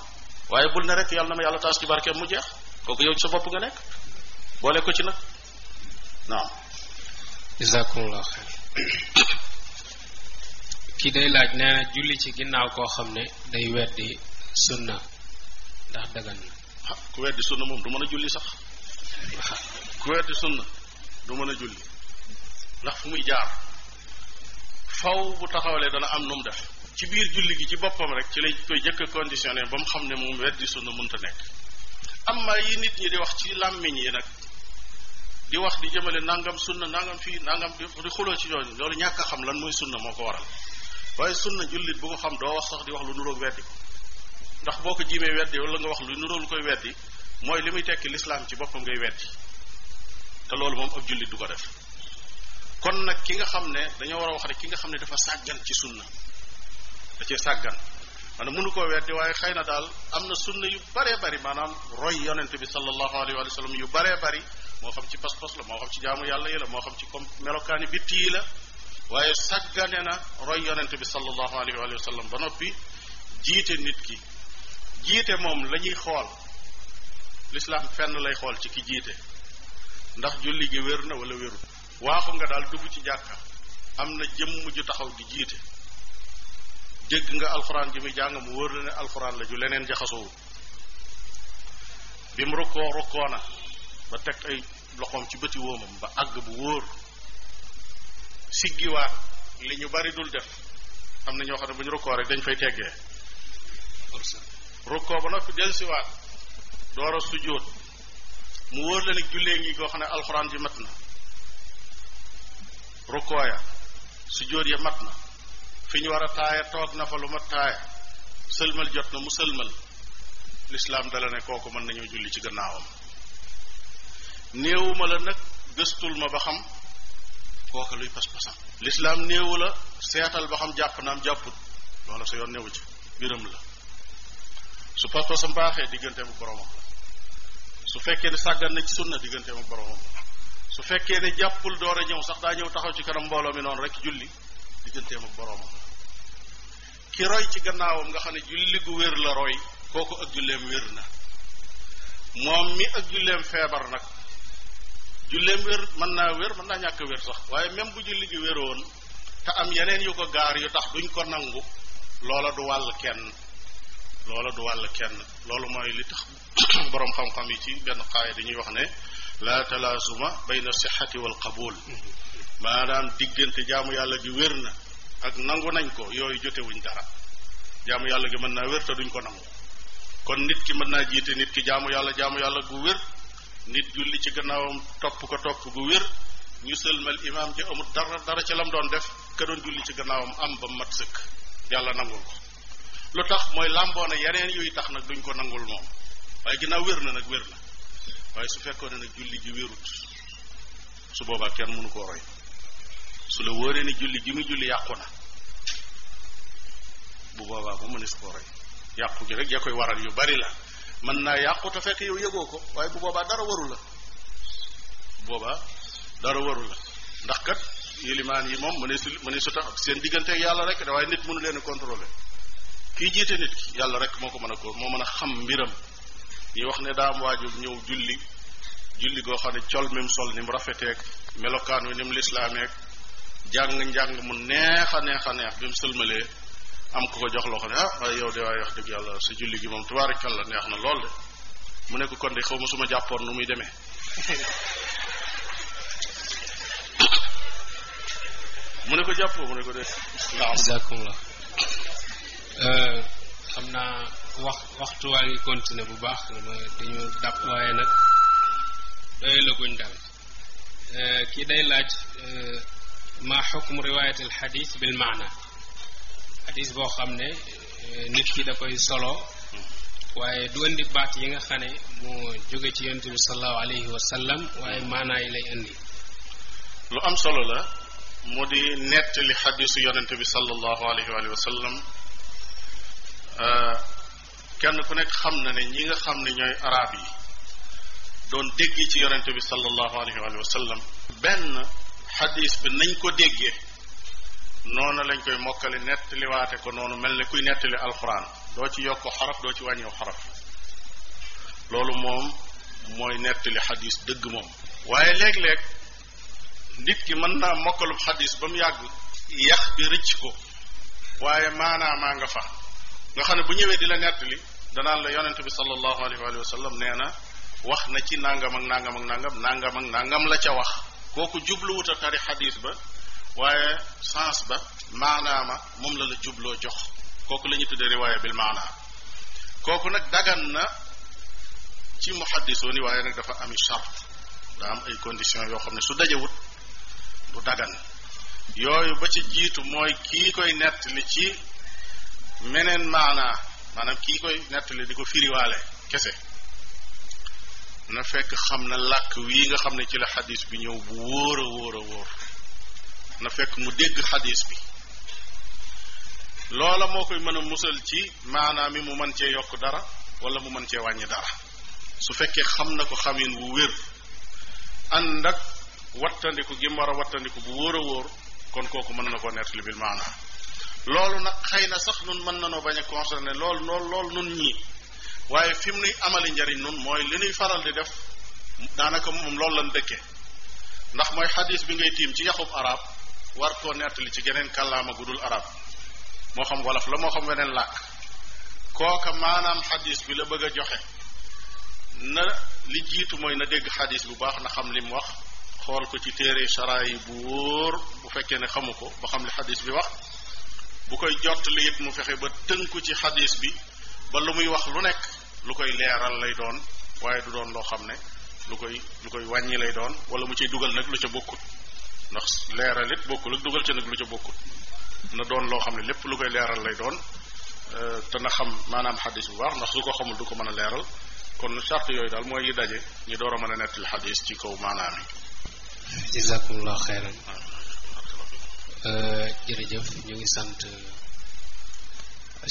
waaye bul ne rek yàlla na ma yàlla taas ci barkeem mu jeex kooku yow ci sa bopp nga nekk boole ko ci nag naam jazakumullah xeer *coughs* kii day laaj nee na julli ci ginnaaw koo xam ne day weddi sunna ndax dagan na ku weddi moom du mën a julli sax *laughs* ku weddi sunna du mën a julli ndax fu muy jaar faw bu taxawalee dana am nu mu def ci biir julli gi ci boppam rek ci lay koy jëkk a conditionné ba mu xam ne moom weddi sunna mënta nekk amma yi nit ñi di wax ci làmmiñ yi nag di wax di jëmale nangam sunna nangam fii nangam di xuloo ci yoon yi loolu ñàkk a xam lan mooy sunna moo ko waral waaye sunna jullit bu ko xam doo wax sax di wax lu nuróog weddi ko ndax boo ko jiimee weddi wala nga wax lu nuróo lu koy weddi mooy li muy tekki lislaam ci boppam ngay weddi te loolu moom ab jullit ko def kon nag ki nga xam ne dañoo war a wax rek ki nga xam ne dafa sàggan ci sunna da cee sàggan maanaam mënu koo weddi waaye xëy na daal am na sunna yu baree bari maanaam roy yonent bi sallallahu alayhi wa sallam yu baree bari moo xam ci pas la moo xam ci yàlla yi moo xam ci comme melokaani bitt yi la waaye sàggane na roy yonent bi sallallahu alayhi wa sallam ba noppi jiite nit ki jiite moom la ñuy xool lislaam fenn lay xool ci ki jiite ndax julli gi wér na wala wérut waaxu nga daal dugg ci jàkka am na jëmm ju taxaw di jiite dégg nga alxuraan ji muy jàng mu wóor la ne alxuraan la ju leneen jaxasowul bi mu rukkoo rukkoo na ba teg ay loxoom ci bëti wóomam ba àgg bu wóor siggiwaat li ñu bari dul def am na ñoo xam ne bu ñu rukkoo rek dañ fay teggee rukkoo ba noppi dellusiwaat door a sujjóot mu wóor la ne jullee ngi koo xam ne alxuraan ji mat na rukkooya jóot ya mat na fi ñu war a taaya toog na fa lu mat taaya sëlmal jot na mu sëlmal lislaam dala ne kooku mën nañoo julli ci gannaawam néewuma la nag gëstul ma ba xam kooka luy pas-pasam lislaam néewu la seetal ba xam jàpp naam jàpput loola sa yoon néewu ci biram la su pas-pasam baaxee digganteem ak boromam su fekkee ne sàggan na ci sunna digganteem ak boromam su fekkee ne jàppul door a ñëw sax daa ñëw taxaw ci kanam mbooloo mi noonu rek julli digganteem ak boroomam ki roy ci gannaawam nga xam ne julli gu wér la roy kooku ak julleem wér na moom mi ak julleem feebar nag julleem wér mën naa wér mën naa ñàkk wér sax waaye même bu julli gi wéroon te am yeneen yu ko gaar yu tax duñ ko nangu loola du wàll kenn loola du wàll kenn loolu mooy li tax *coughs* boroom xam-xam yi ci benn xaaya dañuy wax ne laa talaasuma bayna sixati wal qabul maanaam diggante jaamu yàlla gi wér na ak nangu nañ ko yooyu jotewuñ dara jaamu yàlla gi mën naa wér te duñ ko nangu kon nit ki mën naa jiite nit ki jaamu yàlla jaamu yàlla gu wér nit julli ci gannaawam topp ko topp gu wér ñu sëlmal imaam te amul dara dara ci lam doon def ka doon julli ci gannaawam am ba mat sëkk yàlla nangul ko lu tax mooy làmboona yeneen yooyu tax nag duñ ko nangul moom waaye ginnaaw wér na nag wér na waaye su fekkoon ne nag julli ji wérut su boobaa kenn mënu koo roy su la wóoree ne julli ji mu julli yàqu na bu boobaa bu su ko roy yàqu ji rek yaa koy waral yu bari la mën naa yàqu te fekk yow yëgoo ko waaye bu boobaa dara waru la boobaa dara waru la ndax kat yilimaan yi moom mënees mënees su tax seen digganteeg yàlla rek da waaye nit mënu leen contrôler kii jiite nit ki yàlla rek moo ko mën a ko moo mën a xam mbiram li wax ne daam waaju ñëw julli julli goo xam ne col mim sol ni mu rafeteeg melokaan wi ni mu lislaameeg jàng-njàng mu neex a neex a neex bi mu sëlmalee am ko ko jox loo xam ne ah waaye yow de waaye wax dëgg yàlla sa julli gi moom la neex na lool de mu ne ko kon de xaw ma suma jàppoon nu muy demee *coughs* mu ne ko jàppoo mu ne ko de. *coughs* Euh, xam naa. wax waxtu waa ngi continuer bu baax dañu dab waaye nag doy laguñ dal euh, kii day laaj euh, ma xukmu riwaayat al xadis bil maana boo xam ne euh, nit ki da koy solo waaye du indi baat yi nga xam ne moo jóge ci yonent bi sallallahu alayhi wa sallam waaye maanaa yi lay indi lu am solo la mu di nettali xadisu yonent bi sallallahu alayhi wa sallam kenn ku nekk xam na ne ñi nga xam ne ñooy araab yi doon dégg ci yonente bi sallallahu alayhi wa sallam benn xadis bi nañ ko déggee noonu lañ koy mokkale nettaliwaate ko noonu mel ne kuy nettali alxuraan doo ci yokk xaraf doo ci wàññiw xaraf loolu moom mooy nettali xadiis dëgg moom waaye léeg-léeg nit ki mën naa mokkalub xadis ba mu yàgg yax bi rëcc ko waaye maanaa nga fa yoo xam ne bu ñëwee di la nettali danaan la yonent bi sallallahu alayhi wa sallam nee na wax na ci nàngam ak nangam ak nangam nangam ak la ca wax kooku jubluwut a tari xadiis ba waaye sens ba maanaama moom la la jubloo jox kooku la ñu tuddee riwaaya bil maanaa kooku nag dagan na ci muhaddisoon yi waaye nag dafa ami charte daa am ay conditions yoo xam ne su wut du dagan yooyu ba ci jiitu mooy kii koy nettali ci meneen maanaa maanaam kii koy nettali di ko firiwaale kese na fekk xam na làkk wii nga xam ne ci la xadis bi ñëw bu wóor a wóor a wóor na fekk mu dégg xadis bi loola moo koy mën a musal ci maanaa mi mu mën cee yokk dara wala mu mën cee wàññi dara su fekkee xam na ko xamin wu wér ànd ak wattandiku gi mu a wattandiku bu wóor a wóor kon kooku mën na koo nettali bil maanaa loolu nag xëy na sax nun mën nanoo bañ a concerné loolu loolu loolu nun ñii waaye fi mu nuy amali njariñ nun mooy li nuy faral di def daanaka moom loolu lan dëkke ndax mooy xadis bi ngay tiim ci yaxub araab war koo nettali ci geneen kàllaama gudul arab moo xam wolof la moo xam weneen làkk kooka maanaam xadis bi la bëgg a joxe na li jiitu mooy na dégg xadis bu baax na xam lim wax xool ko ci téere sharaa yi bu wóor bu fekkee ne xamu ko ba xam li xadis bi wax bu koy jottali it mu fexe ba tënku ci xadis bi ba lu muy wax lu nekk lu koy leeral lay doon waaye du doon loo xam ne lu koy lu koy wàññi lay doon wala mu ciy dugal nag lu ca bokkut ndax leeral it bokkul dugal ca nag lu ca bokkut na doon loo xam ne lépp lu koy leeral lay doon euh, te na xam maanaam xadis bu baax ndax su ko xamul du ko mën a leeral kon charte yooyu daal mooy daje ñu door a mën a nettali xadis ci kaw maanaam yi. jazakumullah xeyran Euh, jërëjëf ñu ngi sant euh,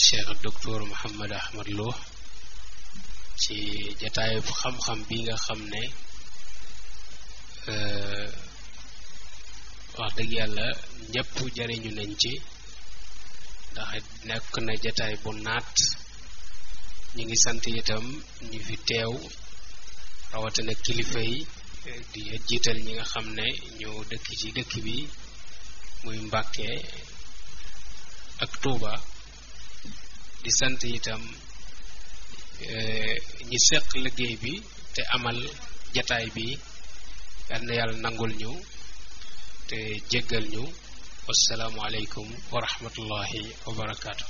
cheikh docteur Mouhammad Ahmad Lo ci jataayu xam-xam bi nga xam ne euh, wax dëgg yàlla ñépp jariñu nañ ci ndax nekk na jataay bu naat ñu ngi sant itam ñu fi teew rawatina kilifa yi di jiital ñi nga xam ne ñoo dëkk ci dëkk bi muy Mbàkke ak Tuuba di sant itam eh, ñi seq liggéey bi te amal jataay bi yal yàlla nangul ñu te jéggal ñu wassalaamu aleykum wa wa barakaatu